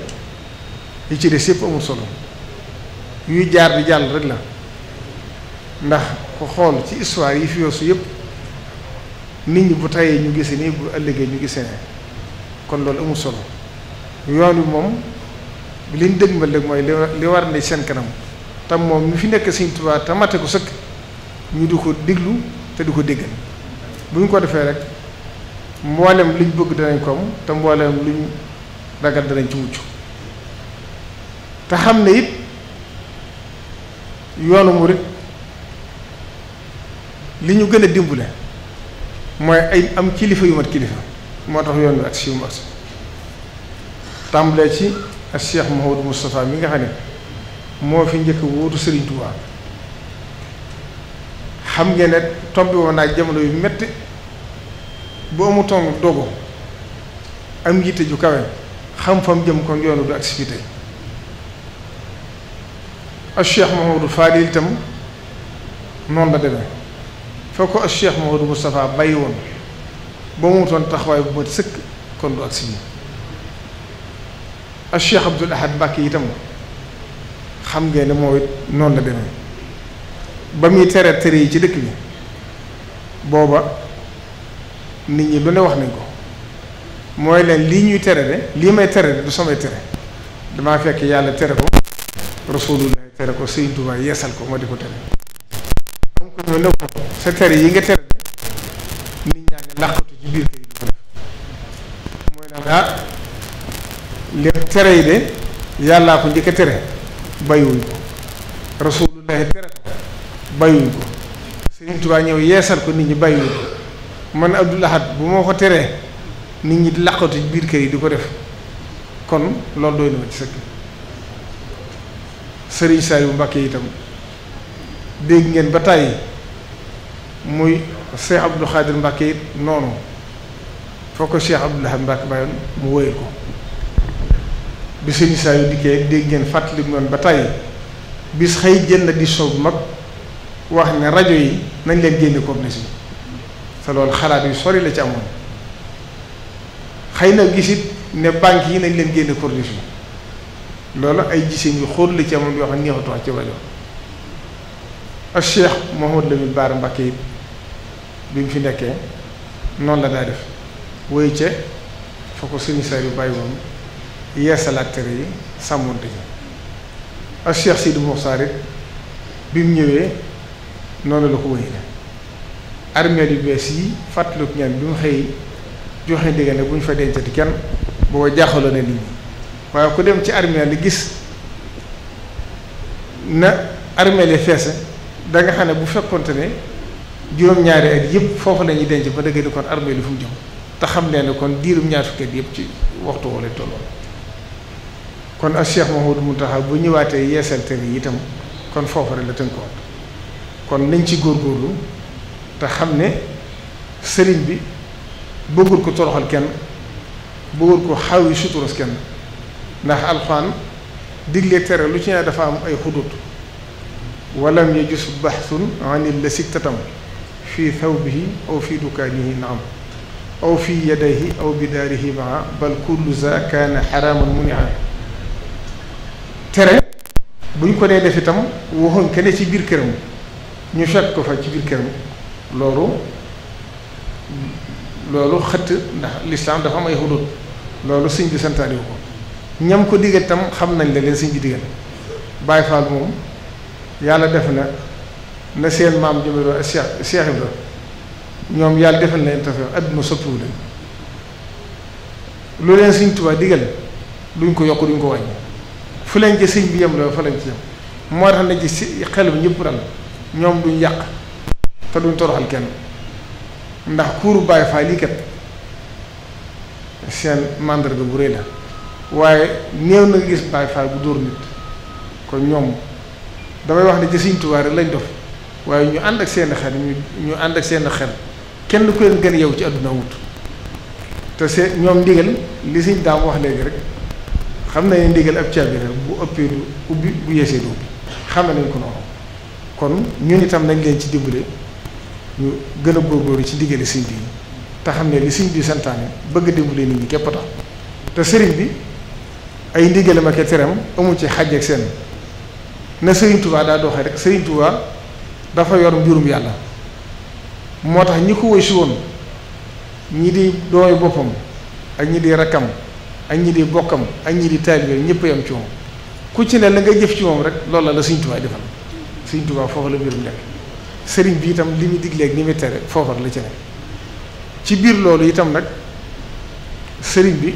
Speaker 5: li ci des yëpp amul solo yuy jaar di jàll rek la ndax ko xool ci histoire yi fi yoosu yëpp nit ñi bu tayee ñu gisee nii bu ëllëgee ñu gisee ne kon loolu amul solo yoon wi moom bi liñ dëgmal rek mooy li war ne seen kanam tam moom mi fi nekk Sëriñ Tuubaa te ko sëkk ñu di ko diglu te du ko déggal bu ñu ko defee rek mboolem luñ bëgg danañ ko am te mboolem luñ te xam ne it yoonu li ñu gën a dimbale mooy ay am kilifa yu mat kilifa moo tax yoon wi ak si yu mat ci ak Cheikh Mouhamadou Moustapha mi nga xam ne moo fi njëkk wóotu Serigne Touba xam ngeen ne tombi woon naa jamono yu metti bu amutoon dogo am njiite ju kawe xam fam jëm kon yoonu du activité ak Cheikh Mouhamadou Fadil itam noonu la demee foo ko ak Cheikh Mouhamadou Moustapha bàyyi woon ba mu amutoon taxawaay bu mat sëkk kon du activité ak Cheikh Abdoul Ahad Mbacké itam xam ngeen ne mooy noonu la demee ba muy tere tere yi ci dëkk bi booba nit ñi lu ne wax nañ ko mooy leen lii ñuy tere de lii may tere de du samay tere damaa fekk yàlla tere ko rasulullah tere ko Sëriñ Tuubaa yeesal ko moo di ko tere sa tere yi nga tere de nit ñaa ngi làqatu ci biir kër yi mooy naan ah li tere yi de yàllaa ko njëkk tere bay wuñ ko rasulullahi tere ko bàyyiwuñ ko Sëriñ Tuubaa ñëw yeesal ko nit ñi bàyyiwuñ ko man Abdul Ahad bu moo ko teree nit ñi di laqatu biir kër yi di ko def kon loolu doy na ma ci sëkk Sëriñ Saliou Mbacké itam dégg ngeen ba tàyyi muy Cheikh Abdou Khadir it noonu foo ko Cheikh Abdoul Ahad Mbacké mu wóyal ko bi sëñ Saliou dikkee dégg ngeen fàttali noonu ba tàyyi bis xëy jënd di show mag wax ne rajo yi nañ leen génne corniche bi te loolu xalaat yu sori la ci amoon xëy na gisit ne banque yi nañ leen génne corniche bi loolu ay gisee yu xóot la ci amoon yoo xam ne neexatu wax ci rajo ak Cheikh Mouhamadou Lamine Bara Mbacké yi bi mu fi nekkee noonu la daa def woy ca fa ko sëñ Saliou bàyyi woon yeesalaat tere yi sàmmoonte ci ak Cheikh Sidi Moukhtar it bi mu ñëwee noonu la ko wëyee armeel yu bees yi fàttaliku ñaan bi mu xëy joxe ndigal ne bu ñu fa dencati kenn boo jaaxaloo na nit ñi waaye ku dem ci armeel li gis na armeel yi feese da nga xam ne bu fekkonte ne juróom-ñaari at yëpp foofu la ñuy denc ba dëgg ni kon armeel yi fu mu jëm te xam leen ne kon diirum ñaar fukki at ci waxtu wala tolloon kon ak Cheikh Mouhamadou Mountakha bu ñëwaatee yeesal tër yi itam kon foofu rek la tënkoon kon lañ ci góor góorgóorlu te xam ne sëriñ bi bëggul ko toroxal kenn bëggul ko xawi suturas kenn ndax alxuraan digle tere lu ci ne dafa am ay xudut walam yajus baxsun anil la sittatam fii thawbihi aw fii dukaanihi naam aw fii yadayhi aw bidaarihi maa bal kullu za kaana xaraaman munia tere buñ ko dee def itam waxuñ ke ci biir këram ñu fekk ko fa ci biir këram loolu loolu xëtt ndax lislaam dafa am ay loolu sëñ bi santaane ko ñam ko digal tam xam nañ la leen siñ bi digal Baay moom yàlla defe na na seen maam jëme doo Cheikh Cheikh Ibra ñoom yàlla defal na tafe adduna soppiwu leen lu leen sëñ Tuubaa digal duñ ko yokk duñ ko wàññi fu leen ci sëñ bi yem la fa leen ci yem moo tax ne ci si xel bi ñëpp dal ñoom duñ yàq te duñ toroxal kenn ndax kuuru Baay Faal yi kat seen màndarga bu rëy la waaye néew na gis Baay Faal bu dóor nit kon ñoom damay wax ne ci sëñ Tuubaa lañ dof waaye ñu ànd ak seen xel ñu ànd ak seen xel kenn ku leen gën yow ci àdduna wut te se ñoom ndigal li daa mu wax léegi rek xam nañ ne ndigal ab caabi la bu ëppee du ubbi bu yeesee du ubbi xam nañ ko noonu kon ñun itam nañ leen ci dimbale ñu gën a góorgóorlu ci ndigali sëñ bi te xam ne li sëñ bi santaane bëgg dimbale nit ñi képp tax te sëriñ bi ay ndigalam ak teram amu ci xàjj ak seen na sëriñ Touba daa doxee rek sëriñ Touba dafa yor mbirum yàlla moo tax ñi ko woy si woon ñi di dooy boppam ak ñi di rakkam ak ñi di bokkam ak ñi di taalibeem ñëpp yam ci ku ci ne la nga jëf ci moom rek loolu la la Sëriñ Tuubaa defal Sëriñ Tuubaa foofu la mbirum nekk sëriñ bi itam li muy digleeg ni muy tere foofa la ci ne ci biir loolu itam nag sëriñ bi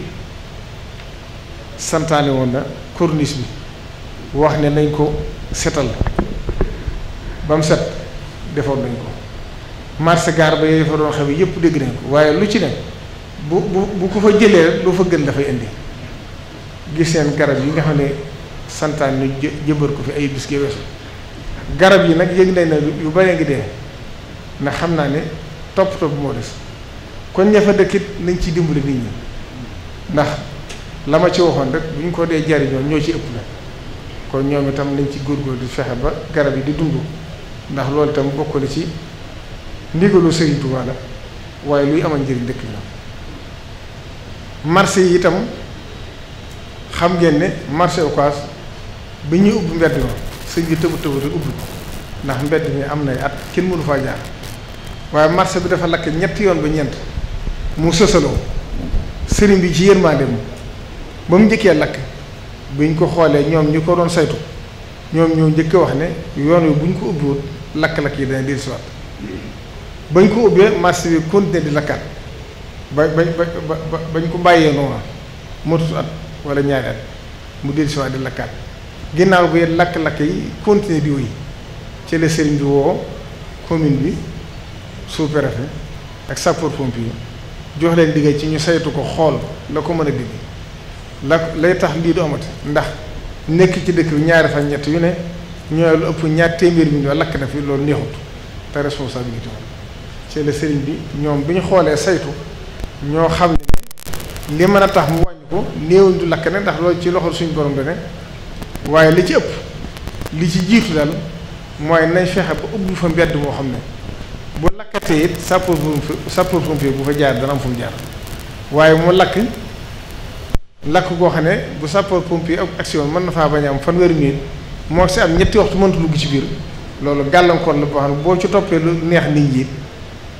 Speaker 5: santaane woon na korniis bi wax ne nañ ko setal ba set defoon nañ ko marché gaar ba yooyu fa doon xew yëpp dégg nañ ko waaye lu ci ne bu bu bu ko fa jëlee rek lu fa gën dafay indi gis seen garab yi nga xam ne santaan ñu jë jëmbat ko fi ay bis weesu garab yi nag yëg nañ ne yu bëree ngi dee ndax xam naa ne topp topp moo des kon ña fa dëkkit nañ ci dimbali nit ñi ndax la ma ci waxoon rek bu ñu ko dee jariñoo ñoo ci ëpp la kon ñoom itam nañ ci góor góor di fexe ba garab yi di dund ndax loolu itam bokk ci ndigalu Sëriñ Tuubaa la waaye luy amal njëriñ dëkk bi marché yi itam xam ngeen ne marché Ocass bi ñuy ubbi mbedd ma sëñ bi tëbu tëbu rek ubbi ko ndax mbedd mi am nay at kenn mënu faa jaar waaye marché bi dafa lakk ñetti yoon ba ñeent mu sësaloo sëriñ bi ci yërmande mu ba mu njëkkee lakk biñ ko xoolee ñoom ñu ko doon saytu ñoom ñoo njëkk wax ne yoon wi buñ ko ubbiwut lakk-lakk yi dana dellusiwaat bañ ko ubbee marché bi continué di lakkaat ba ba ba ba bañ ko bàyyee noonu motut at wala ñaari at mu dellu si waat di lakkaat ginnaaw bi lakk-lakk yi continuer di wéy ci la sëriñ bi woo commune bi sous-préfet ak sapeurs-pompiers jox leen liggéey ci ñu saytu ko xool la ko mën a digg la lay tax lii du amati ndax nekk ci dëkk bi ñaari fan ñett yu ne ñooy lu ëpp ñaar téeméer bi ñoo lakk na fi loolu neexut te responsabilité ci la sëriñ bi ñoom bi ñu xoolee saytu. ñoo xam ne li mën a tax mu wàññi ko néewal du lakk ne ndax loolu ci loxol suñu borom la ne waaye li ci ëpp li ci jiitu daal mooy nañ fexe ba ubbi fa mbedd moo xam ne bu lakkatee it sapeur sapeur pompier bu fa jaar dana am fu mu jaar waaye mu lakk lakk goo xam ne bu sapeur pompier ak action mën na faa bañ a am fanweeri minute moo si am ñetti waxtu mënta dugg ci biir loolu gàllankoor la boo xam ne boo ci toppee lu neex nit ñi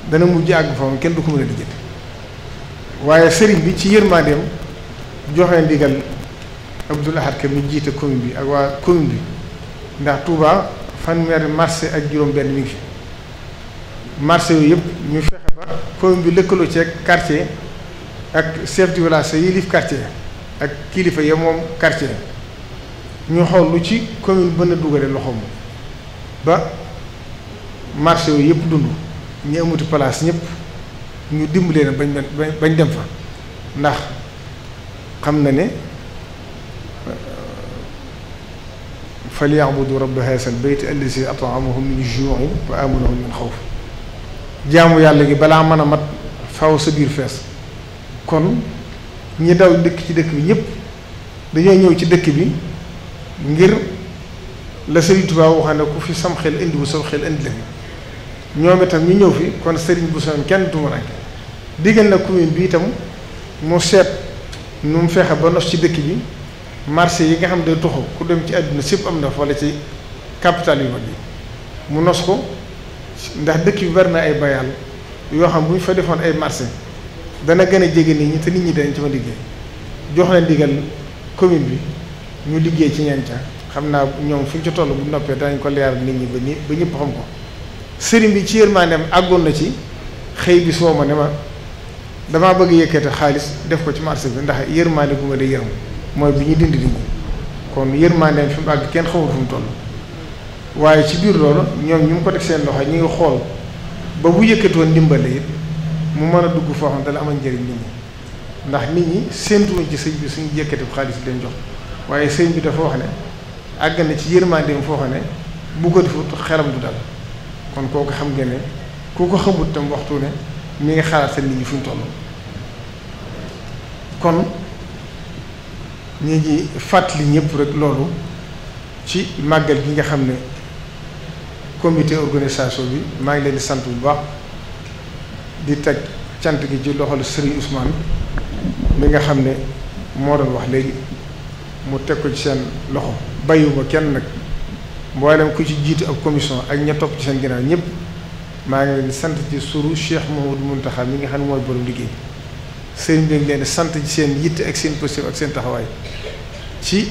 Speaker 5: dana mujj àgg foofu kenn du ko mën a di waaye sëriñ bi ci yërmandeem joxe ndigal Abdoul Ahad mi jiite commune bi ak waa commune bi ndax Touba fanweeri marché ak juróom-benn mi ngi fi marché yooyu yëpp ñu fexe ba commune bi lëkkaloo ci ak quartier ak chef du village sa yilif quartier ak kilifa ya moom quartier ñu xool lu ci commune mën dugale loxoom ba marché yooyu yëpp dund ñu amuti place ñëpp. ñu dimbali leen bañ bañ dem fa ndax xam na ne euh, falyabudu rabba haasal bayt allazi atamahum min juin wa amanahum min xawf jaamu yàlla gi balaa mën a mat faw sa biir fees kon ñi daw dëkk ci dëkk bi ñépp dañoo ñëw ci dëkk bi ngir la Sëriñ Tuubaa waxam ne ku fi sam xel indiwu sam xel indi la fi ñoom itam ñu ñëw fi kon sëriñ bu soobee kenn du mu rànk digal na commune bi itam mu seet nu mu fexe ba nos ci dëkk bi marché yi nga xam day tuxu ku dem ci àdduna sépp am na foole ci capital yu mag yi mu nos ko ndax dëkk bi bari na ay bayal yoo xam bu ñu fa defoon ay marché dana gën a jege nit ñi te nit ñi dañ ci liggéey jox leen digal commune bi ñu liggéey ci ñanca xam naa ñoom fu ñu ci toll bu noppee danañ ko leeral nit ñi ba ñi ba ñëpp xam ko sëriñ bi ci yërmaandeem àggoon na ci xëy bi soo ma ne ma damaa bëgg yëkkate xaalis def ko ci marché bi ndax yërmaande bu ma dee yërëm mooy bi ñu dindi dindi kon yërmaandeem fi mu àgg kenn xamul fu mu ci biir loolu ñoom ñu ngi ko teg seen loxo ñu ngi xool ba bu yëkkatoon ndimbale it mu mën a dugg foo xam dana amal njëriñ nit ñi ndax nit ñi séentuwuñ ci sëñ bi suñu yëkkati xaalis leen jox waaye sëñ bi dafa wax ne àgg na ci yërmaandeem foo xam ne bu ko defut xelam du dal kon kooku xam ngeen ne ku ko xamut tam waxtu ne mi ngi xalaat seen nit ñi fu ñu toll kon ñu ngi fàttali ñëpp rek loolu ci màggal gi nga xam ne comité organisation bi maa ngi leen di sant bu baax di teg cant gi ci loxol Serigne Ousmane mi nga xam ne moo doon wax léegi mu teg ko ci seen loxo bàyyiwuma kenn nag. mboolem ku ci jiitu ak commission ak ña topp ci seen ginnaaw ñëpp maa ngi leen sant ci suru Cheikh Mouhamadou Mountakha mi ngi xam ne mooy borom liggéey sëriñ bi ngi leen sant ci seen yitte ak seen positif ak seen taxawaay ci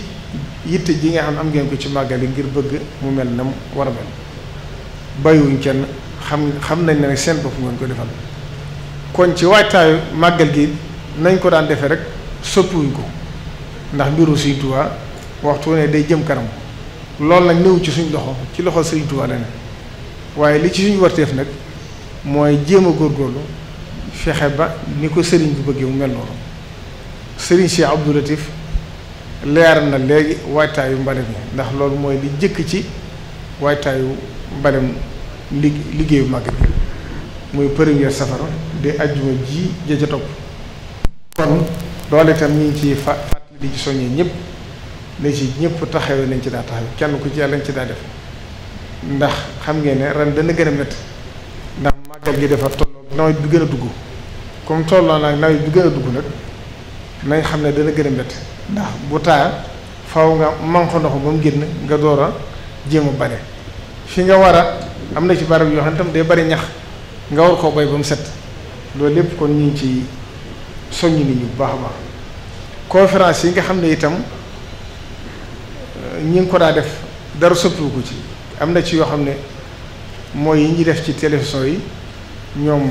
Speaker 5: yitte ji nga xam ne am ngeen ko ci màggal yi ngir bëgg mu mel na mu war a mel bàyyiwuñ kenn xam xam nañ ne nag seen bopp ngeen ko defal kon ci waajtaayu màggal gi nañ ko daan defee rek soppiwuñ ko ndax mbiru Sëriñ Tuubaa waxtu ne day jëm kanam. loolu nag néew ci suñ loxo ci loxo Sëriñ Tuubaa la waaye li ci suñ warteef nag mooy jéem a góorlu fexe ba ni ko sëriñ bu bëggee mu mel noonu sëriñ Cheikh Abdou Latif leer na léegi waajtaayu mbalem yi ndax loolu mooy li jëkk ci waajtaayu mbalem li liggéeyu mag bi muy premier safara di ajjuma ji ja ca topp kon lool itam ñu ngi ciy fàttali di ci soññee ñëpp. ne ci ñëpp taxawee nañ ci daa taxaw kenn ku ci yàlla nañ ci daa def ndax xam ngeen ne ren dana gën a métti ndax màggal gi dafa tolloo nawet bi gën a dugg comme tolloo nag nawet bi gën a dugg nag nañ xam ne dana gën a métti ndax bu taa faw nga manqué ndox ba mu génn nga door a jéem a bare fi nga war a am na ci barab yoo xam ne tam day bari ñax nga war koo bay ba mu set loolu lépp kon ñu ngi ci soññ nit ñi bu baax a baax conférence yi nga xam ne itam. ñi ngi ko daa def dara soppiwu ko ci am na ci yoo xam ne mooy yi ñuy def ci télévision yi ñoom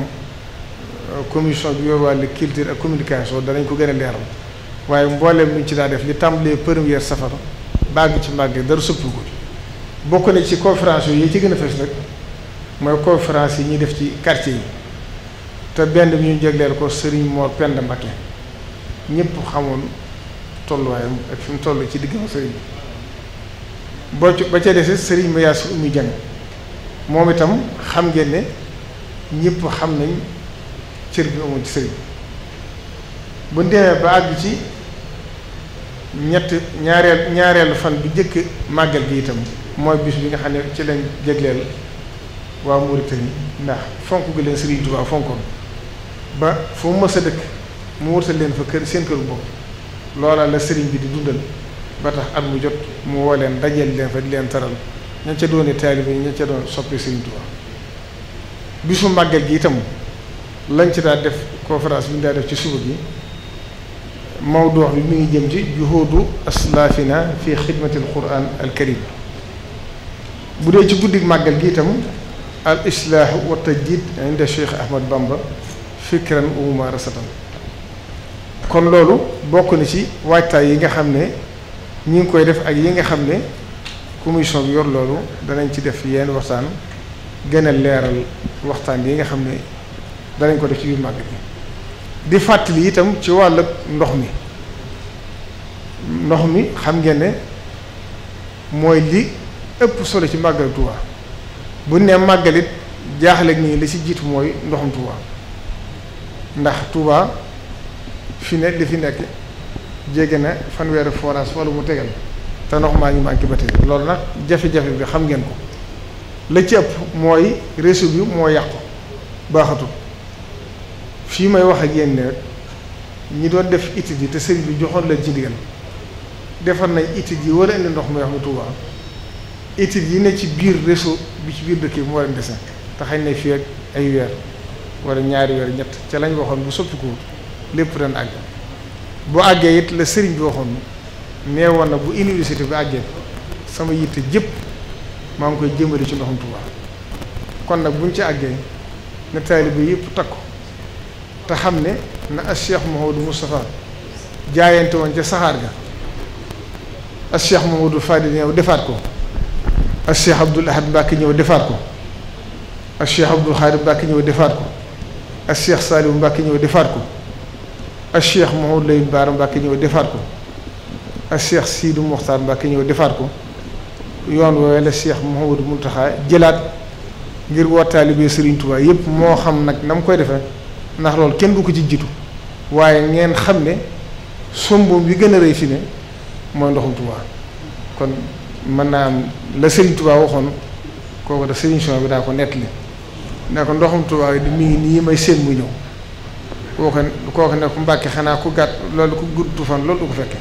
Speaker 5: euh, commission bi yor wàllu culture ak communication danañ ko gën a leeral waaye mbooleem luñ ci daa def li tàmbalee première safar ngi ci màgg dara soppiwu ko ci bokk na ci conférence yooyu yi ci gën a fees nag mooy conférence yi ñuy def ci quartier yi te benn bi ñu jégleel ko Serigne moo Penda Mbacké ñëpp xamoon tolluwaayam ak fi mu toll ci diggam Serigne ba ba ca des sëriñ ma yaa su muy jàng moom itam xam ngeen ne ñépp xam nañ cër bi amoon ci sëriñ bu demee ba àgg ci ñett ñaareel ñaareelu fan bi jëkk màggal gi itam mooy bis bi nga xam ne ci lañ jégleel waa Mauritanie ndax fonk gi leen sëriñ Tuubaa fonkoon ba fu mu mës dëkk mu wërtal leen fa kër seen këru bopp loola la sëriñ bi di dundal ba tax at mu jot mu woo leen dajeel leen fa di leen taral ña ca dooni taalibe ña ca doon soppi Sëriñ Tuubaa bisu màggal gi itam lañ ci daa def conférence bi ñu daa def ci suba gi mawduu bi mi ngi jëm ci juhuudu aslaafina fi xidmatil quraan al karim bu dee ci guddig màggal gi itam al islaahu wa tajdiid inda Cheikh Ahmad Bamba fikran wa mumaarasatan kon loolu bokk na ci waajtaay yi nga xam ne ñu ngi koy def ak yi nga xam ne commission bi yor loolu danañ ci def yenn waxtaan gën a leeral waxtaan yi nga xam ne danañ ko def ci biir màgg bi di fàttali itam ci wàllug ndox mi ndox mi xam ngeen ne mooy li ëpp solo ci màggal Tuubaa bu ne màggalit jaaxleeg nii li ci jiitu mooy ndoxum Tuubaa ndax Tuubaa fi ne li fi nekk jege na fanweeri forage wala mu tegal te ndox maa ngi manqué ba tey loolu nag jafe-jafe bi xam ngeen ko la ci ëpp mooy réseau bi moo yàqu baaxatul fii may wax ak yéen ne ñi doon def étude yi te sëriñ bi joxoon leen ci digal defar nañ étude yi war a indi ndox mu yàqu Tuuba étude yi ne ci biir réseau bi ci biir dëkk bi moo leen dese te xañ na fii ak ay weer wala ñaari weer ñett ca lañ waxoon bu soppiku lépp ren àgg. bu àggee it la sëriñ bi waxoon nee woon bu université bi àggee sama yitte jëpp maa ngi koy jëmbale ci ndoxum Tuubaa kon nag buñ ci àggee na taalibe yëpp takku te xam ne na as cheikh Mouhamadou Moustapha jaayante woon ca saxaar ga as cheikh Mouhamadou Fadil ñëw defaat ko as cheikh Abdoul Ahad Mbacke ñëw defaat ko as cheikh Abdoul Khadr Mbacke ñëw defaat ko as cheikh Saliou Mbacke ñëw defaat ko. ak Cheikh Mouhamadou Lamine Bara Mbacke ñëw defaat ko ak Cheikh Sidou Mokhtar Mbacke ñëw defaat ko yoon woowee la Cheikh Mouhamadou Mountakha jëlaat ngir woo taalibe Serigne Touba yëpp moo xam nag na mu koy defee ndax loolu kenn du ko ci jiitu waaye ngeen xam ne somboom bi gën a rëy fi ne mooy ndoxum Touba kon mën naa am la Serigne Touba waxoon kooku da Serigne Touba bi daa ko nettali ne ko ndoxum Touba yi mi ngi nii may seen mu ñëw. kooku kooku ne ku mbàkke xanaa ku gàtt loolu ku gudd fan loolu du ko fekke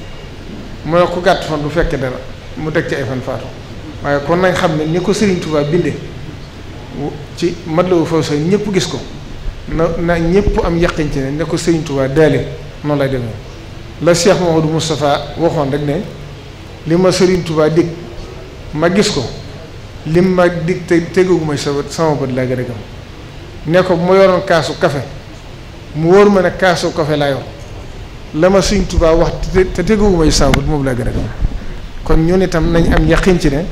Speaker 5: mu ne ku gàtt fan du fekke dara mu dëkk ci ay fan faatu waaye kon nañ xam ne ni ko Serigne Touba bindee ci Matlaboul Fawzayni ñëpp gis ko na na ñëpp am yaqin ci ne ne ko Serigne Touba daale noonu lay waxoon rek ne li ma sëriñ Touba dig ma gis ko lim ma dig te tegaguma sama bët laa gën a gëm ne ko bu ma yoroon kaasu kafe. mu wóor ma ne kaasu kofe laa yor la ma Sëñ Tuubaa wax te teguwuma yu saabu moom laa gën a gëm kon ñun itam nañ am yaqin ci ne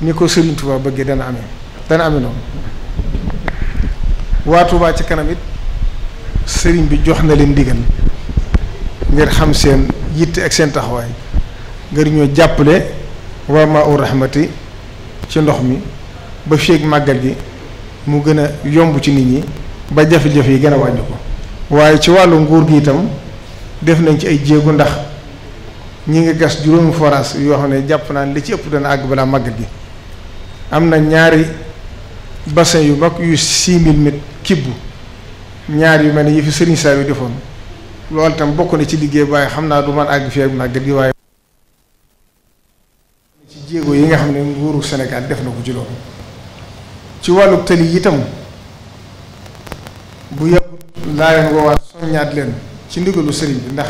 Speaker 5: ni ko Sëriñ Tuubaa bëggee dana amee dana amee noonu waa Tuubaa ci kanam it sëriñ bi jox na leen ndigal ngir xam seen yitte ak seen taxawaay ngir ñoo jàppale waa maa u rahmati ci ndox mi ba feeg màggal gi mu gën a yomb ci nit ñi ba jafe-jafe yi gën a wàññi ko waaye ci wàllu nguur gi itam def nañ ci ay jéego ndax ñi ngi gas juróomi forage yoo xam ne jàpp naan li ci ëpp dana àgg balaa màggal gi am na ñaari bassin yu mag yu six mille mètres kibbu ñaar yu mel ne yi fi Serigne Saliou defoon loolu tam bokk na ci liggéey waaye xam naa du man àgg fii ak màggal gi waaye ci jéego yi nga xam ne nguuru senegal def na ko ci ci wàllu tëli itam bu yàgg laayoon woowaat soññaat leen ci ndigalu sëriñ bi ndax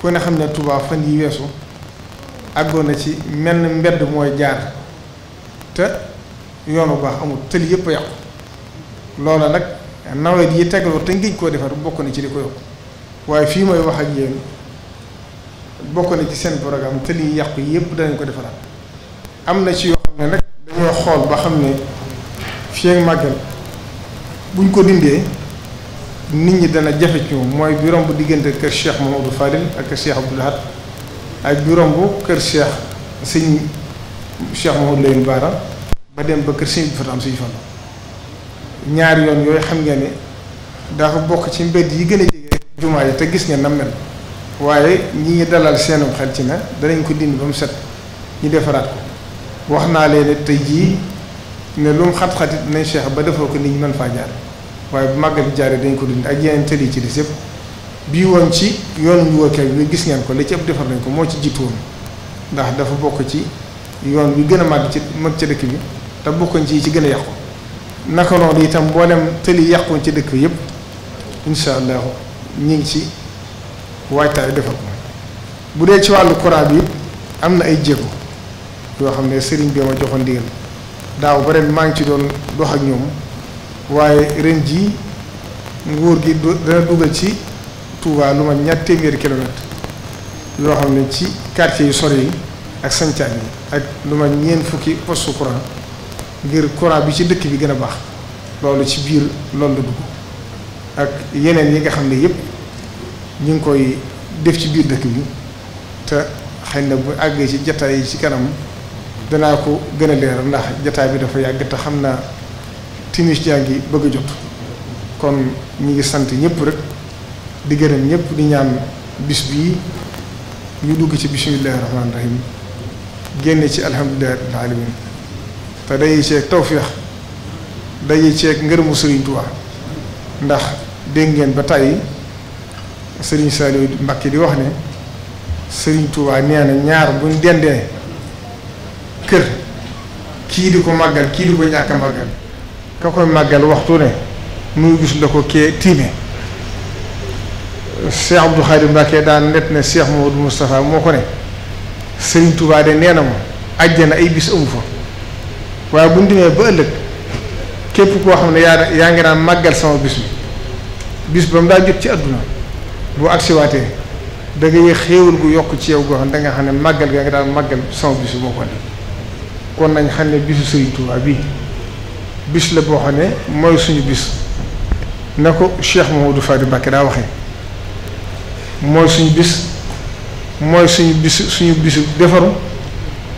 Speaker 5: ku na xam ne Touba fan yi weesu àggoon na ci menn mbedd mooy jaar te yoonu baax amul tëli yëpp a yàqu loola nag nawet yi tegaloo te ngéej koo defar bokk na ci li ko yokk waaye fii mooy wax ak yéen bokk na ci seen programme tëli yi yàqu yëpp danañ ko defaraat am na ci yoo xam ne nag dañoo xool ba xam ne fii ak màggal buñ ko dindee nit ñi dana jafe ci moom mooy bi romb diggante kër Cheikh Mamadou Fadil ak kër Cheikh Abdou Lahad ak bi romb kër Cheikh sëñ Cheikh Mamadou Lamine Bara ba dem ba kër sëñ bi fa am ñaari yoon yooyu xam ngeen ne dafa bokk ci mbedd yi gën a jege jumaa yi te gis ngeen na waaye ñi ngi dalal seenum xel ci na danañ ko dindi ba mu set ñu defaraat ko wax naa leen tey jii ne lu mu xat-xatit nañ Cheikh ba defoo ko nit ñi mën faa jaar waaye bu màggal bi jaaree dañ ko dund ak yeneen tëli ci des yëpp bii woon ci yoon wi wër bi gis ngeen ko li ci ëpp defar nañ ko moo ci jiitu woon ndax dafa bokk ci yoon bi gën a màgg ci mag ci dëkk bi te bokkoon ci ci gën a yàqu naka noonu itam mboolem tëli yàquwoon ci dëkk bi yëpp allah ñu ngi ci waajtaay defar ko bu dee ci wàllu courant bi am na ay jéego yoo xam ne sëriñ bi ma joxoon ndigal daaw ba ren maa ngi ci doon dox ak ñoom. waaye ren jii nguur gi dana dugal ci Touba lu ma ñaar téeméeri kilomètre yoo xam ne ci quartier yu sore yi ak sancaan yi ak lu ma ñeent fukki poste courant ngir courant bi ci dëkk bi gën a baax loolu ci biir loolu la dugg ak yeneen yi nga xam ne yëpp ñu ngi koy def ci biir dëkk bi te xëy na bu àggee ci jataay yi ci kanam danaa ko gën a leeral ndax jataay bi dafa yàgg te xam naa timis jaa ngi bëgg jot kon ñu ngi sant ñëpp rek di gërëm ñëpp di ñaan bis bii ñu dugg ci bismillahi rahmaani rahim génn ci alhamdulillahi rabbil alamin te daje ceeg tawféex daje ceeg ngërëmu Serigne ndax dégg ngeen ba tàyyi Serigne Saliou mbakki di wax ne Serigne Touba nee na ñaar buñ dendee kër kii di ko màggal kii di ko ñàkk màggal ka koy màggal waxtu ne mu gis la ko kee tiime Cheikh Abdou Khadir Mbacké daan net ne Cheikh du Moustapha moo ko ne Serigne Touba de nee na ma àjjana ay bis amu fa waaye bu ñu demee ba ëllëg képp koo xam ne yaa yaa ngi naan màggal sama bis bi bis ba mu daa jot ci àdduna boo agsiwaatee da ngay xéewal gu yokk ci yow goo xam ne da nga xam ne màggal gaa nga daan màggal sama bis bi moo ko ne kon nañ xam ne bisu Serigne Touba bii bis la boo xam ne mooy suñu bis na ko Cheikh Mamadou Fadi Mbacké daa waxee mooy suñu bis mooy suñu bis suñu bisu defaru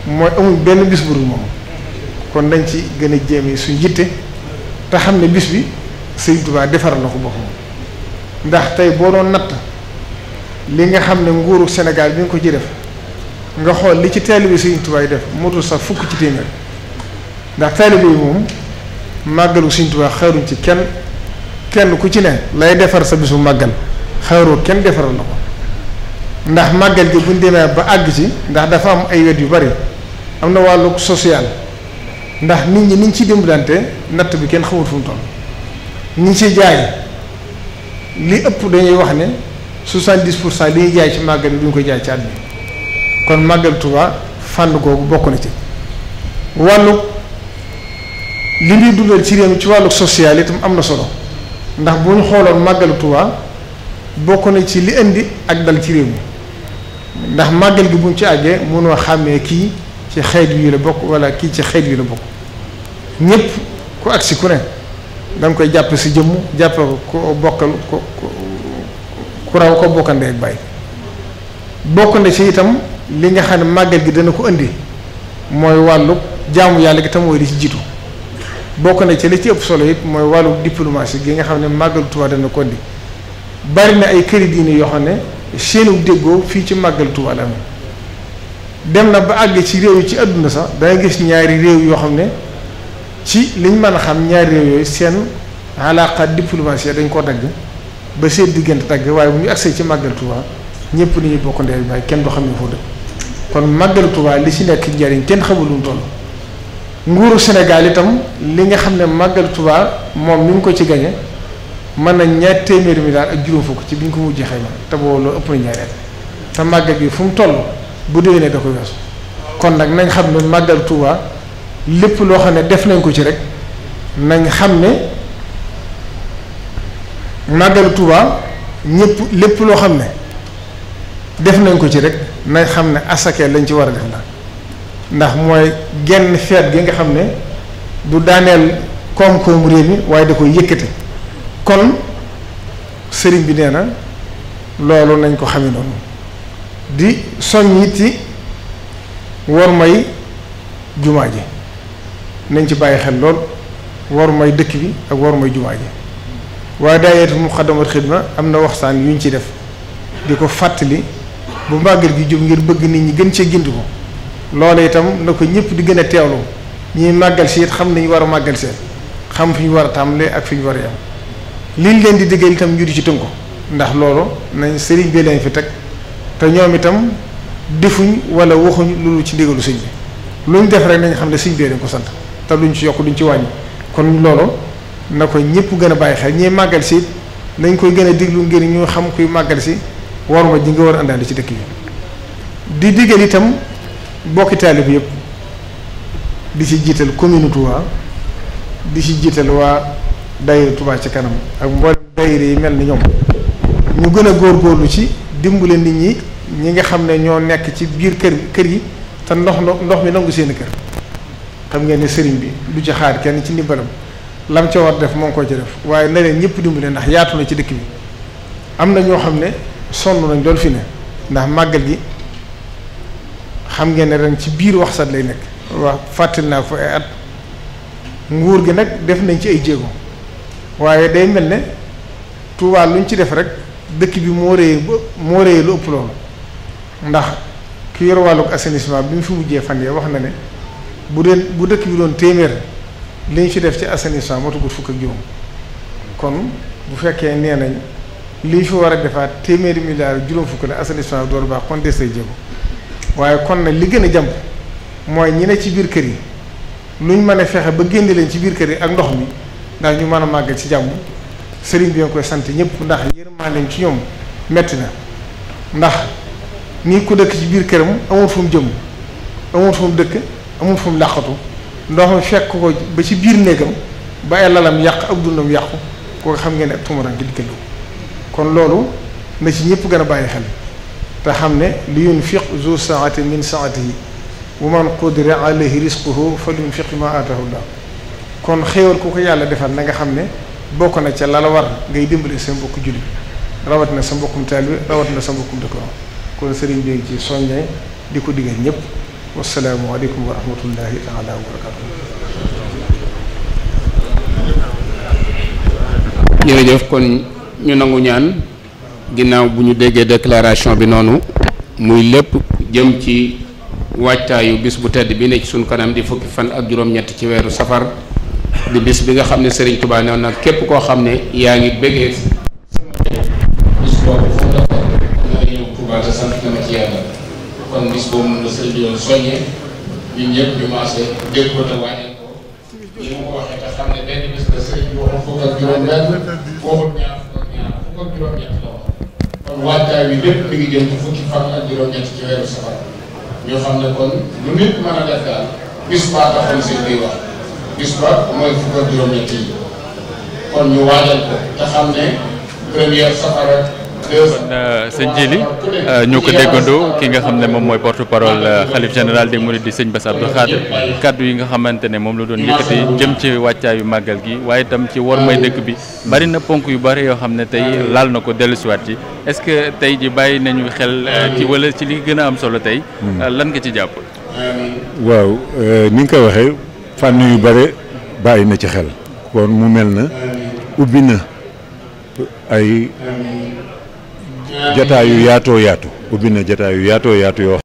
Speaker 5: mooy amul benn bis buru moom kon dañ ci gën a jéeme suñu yitte te xam ne bis bi Sëriñ Tuubaa defar na ko boppam ndax tey boo doon natt li nga xam ne nguuru Sénégal bi nga ko ci def nga xool li ci taalibe Sëriñ Tuubaa def motul sax fukk ci téeméer ndax taalibe yi moom màggalu Sëriñ Tuubaa xaaruñ ci kenn kenn ku ci ne lay defar sa bisu màggal xaaroo kenn defaral na ko ndax màggal gi buñ demee ba àgg ci ndax dafa am ay wet yu bari am na wàllu social ndax nit ñi niñ ciy dimbalante natt bi kenn xamul fu mu toll niñ ci jaay li ëpp dañuy wax ne soixante-dix pour cent li ñuy jaay ci màggal bi duñ ko jaay ci at bi kon màggal Tuubaa fànn googu bokk na ci wàllu li ñuy dundal ci réew mi ci wàllu social itam am na solo ndax bu ñu xooloon màggalu Tuubaa bokk na ci li indi ak dal ci réew mi ndax màggal gi buñ ci àggee mënoo xàmmee kii ci xeet yu la bokk wala kii ci xeet yi la bokk ñépp ku agsi ku ne da koy jàpp si jëmm jàpp ko bokkal ko ku raw ko bokkandee ak bàyyi bokk ci itam li nga xam ne màggal gi dana ko indi mooy wàllu jaamu yàlla gi tam mooy ci jiitu bokk na ci li ci ëpp solo it mooy wàllu diplomatie gi nga xam ne màggalu Tuubaa dana ko indi bari na ay këri diine yoo xam ne seenu déggoo fii ci màggalu Tuubaa la dem na ba àgg ci réew ci àdduna sax danga gis ñaari réew yoo xam ne ci liñ mën a xam ñaari réew yooyu seen alaqa diplomatie dañ ko dagg ba seen diggante dagg waaye bu ñu agsee ci màggalu Tuubaa ñëpp ni ñu bokk ndey baay kenn du xam ne foo dëkk kon màggalu Tuubaa li ci nekk njariñ kenn xamul lu nguuru Sénégal itam li nga xam ne màggal Touba moom mi ngi ko ci gañe mën nañ ñaar téeméeri milliard ak juróom fukk ci bi ñu ko mujjee xayma te boobu loolu ëpp na ñaareel te màggal gi fu mu toll bu déwénee da kon nag nañ xam ne màggal Touba lépp loo xam ne def nañ ko ci rek nañ xam ne màggal Touba ñëpp lépp loo xam ne def nañ ko ci rek nañ xam ne asakee lañ ci war a def ndax ndax mooy genn feet gi nga xam ne du daaneel koom-koomu réew mi waaye da koy yëkkate kon sëriñ bi nee na loolu nañ ko xame noonu di soññ it ci war may jumaa ji nañ ci bàyyi xel lool war may dëkk bi ak war may jumaa ji waaye daayeetu Muxaddamatul Xidma am na waxtaan yu ñu ci def di ko fàttali bu màggal gi jub ngir bëgg nit ñi gën cee gindi ko loolu itam na ko ñëpp di gën a teewlu ñuy màggal siit xam nañu war a màggal si xam fi ñu war a tàmbalee ak fi ñu war a yem liñ leen di digal itam ñu di ci ndax loolu nañ sëriñ bi leen fi teg te ñoom itam defuñ wala waxuñ loolu ci ndigalu sëñ bi luñ def xam ne sëñ bi ko sant te duñ ci yokk duñ ci wàññi kon loolu na ko ñëpp gën a bàyyi xel ñiy màggal si nañ koy gën a diglu ngir ñu xam kuy màggal si waruma ji nga war a àndaale ci dëkk yi di digal itam. bokki taalib yëpp di ci jiital commune Touba di ci jiital waa daayira Touba ci kanam ak mboolem daayira yi mel ni ñoom ñu gën a góor góorlu ci dimbale nit ñi ñi nga xam ne ñoo nekk ci biir kër kër yi te ndox ndox mi nangu seeni kër xam ngeen ne sëriñ bi du ci xaar kenn ci ndimbalam lam ca war def moo ngi ko ci def waaye na leen ñëpp dimbale ndax yaatu na ci dëkk bi am na ñoo xam ne sonn nañ loolu fi ne ndax màggal gi xam ngeen ne ren ci biir waxsat lay nekk wax fàttali naa fa ay at nguur gi nag def nañ ci ay jéego waaye day mel ne Tuubaa luñ ci def rek dëkk bi moo réy ba moo réy lu ëpp loolu ndax ki yor wàllug assainissement bi mu fi mujjee fan yee wax na ne bu dee bu dëkk bi doon téeméer li ñu fi def ci assainissement motugul fukk ak juróom kon bu fekkee nee nañ li ñu fi war a defaat téeméeri milliards juróom fukk la assainissement bi doolu baax kon des tay jéego waaye kon nag li gën a jàmp mooy ñi ne ci biir kër yi luñ mën a fexe ba génne leen ci biir kër yi ak ndox mi ndax ñu mën a màggal ci jàmm sëriñ bi nga koy sant ñëpp ndax yërmaan leen ci ñoom metti na ndax nii ku dëkk ci biir këram amul fu mu jëm amul fu mu dëkk amul fu mu làqatu ndox mi fekk ko ba ci biir néegam ba ay lalam yàq ak dundam yàqu koo xam ngeen ne ak tumaran gi dikkal kon loolu na ci ñëpp gën a bàyyi xel te xam ne li yunfiq zu saati min saatihi wa man qudira alayhi risquhu fal yunfiq ma aatahu llah kon xéewal ku ko yàlla defar na nga xam ne bokk na ca la la war ngay dimbali sa mbokk jullit rawat na sa mbokkum taalibe rawat na sa mbokkum dëkkoo kon sëriñ bi ci soññee di ko digal ñëpp wasalaamu aleykum wa rahmatullahi taala wa
Speaker 6: barakatuh
Speaker 4: jërëjëf kon ñu nangu ñaan ginnaaw bu ñu déggee déclaration bi noonu muy lépp jëm ci waajtaayu bis bu tedd bi ne suñ kanam di fukki fan ak juróom-ñett ci weeru safar di bis bi nga xam ne Serigne Touba noonu nag képp koo xam ne yaa ngi bëggee bis bi ñëpp ñu maase dégg ko te wàññi ko fukk ak
Speaker 6: juróom-ñett
Speaker 4: kon waajtaay wi lépp mi ngi jëm ci fukki fan ak juróom-ñett ci weeru safar kon lu nit mën a def daal bis ba taxoon seen mooy fukk ak juróom kon ñu waajal ko te xam ne première safar ak kon euh, sëñ Jili euh, ñoo ko déggandoo ki nga xam ne moom mooy porte parole euh, xalif général des Mourides di sëñ Bass Abdou Khadre kàddu yi nga xamante ne moom la doon yëkkati jëm ci wàccaayu màggal gi waaye itam ci war may dëkk bi bari na ponk yu bari yoo xam ne tey laal na ko dellusiwaat yi est-ce que tey ji bàyyi nañu xel ci wala ci li gën a am solo tey. lan nga ci jàpp.
Speaker 1: waaw ni nga waxe fànn yu bare bàyyi na ci xel kon mu mel na ubbi na ay.
Speaker 6: jotaayu yaatoo yaatu ubbi na jotaayu yaatoo yaatu yoo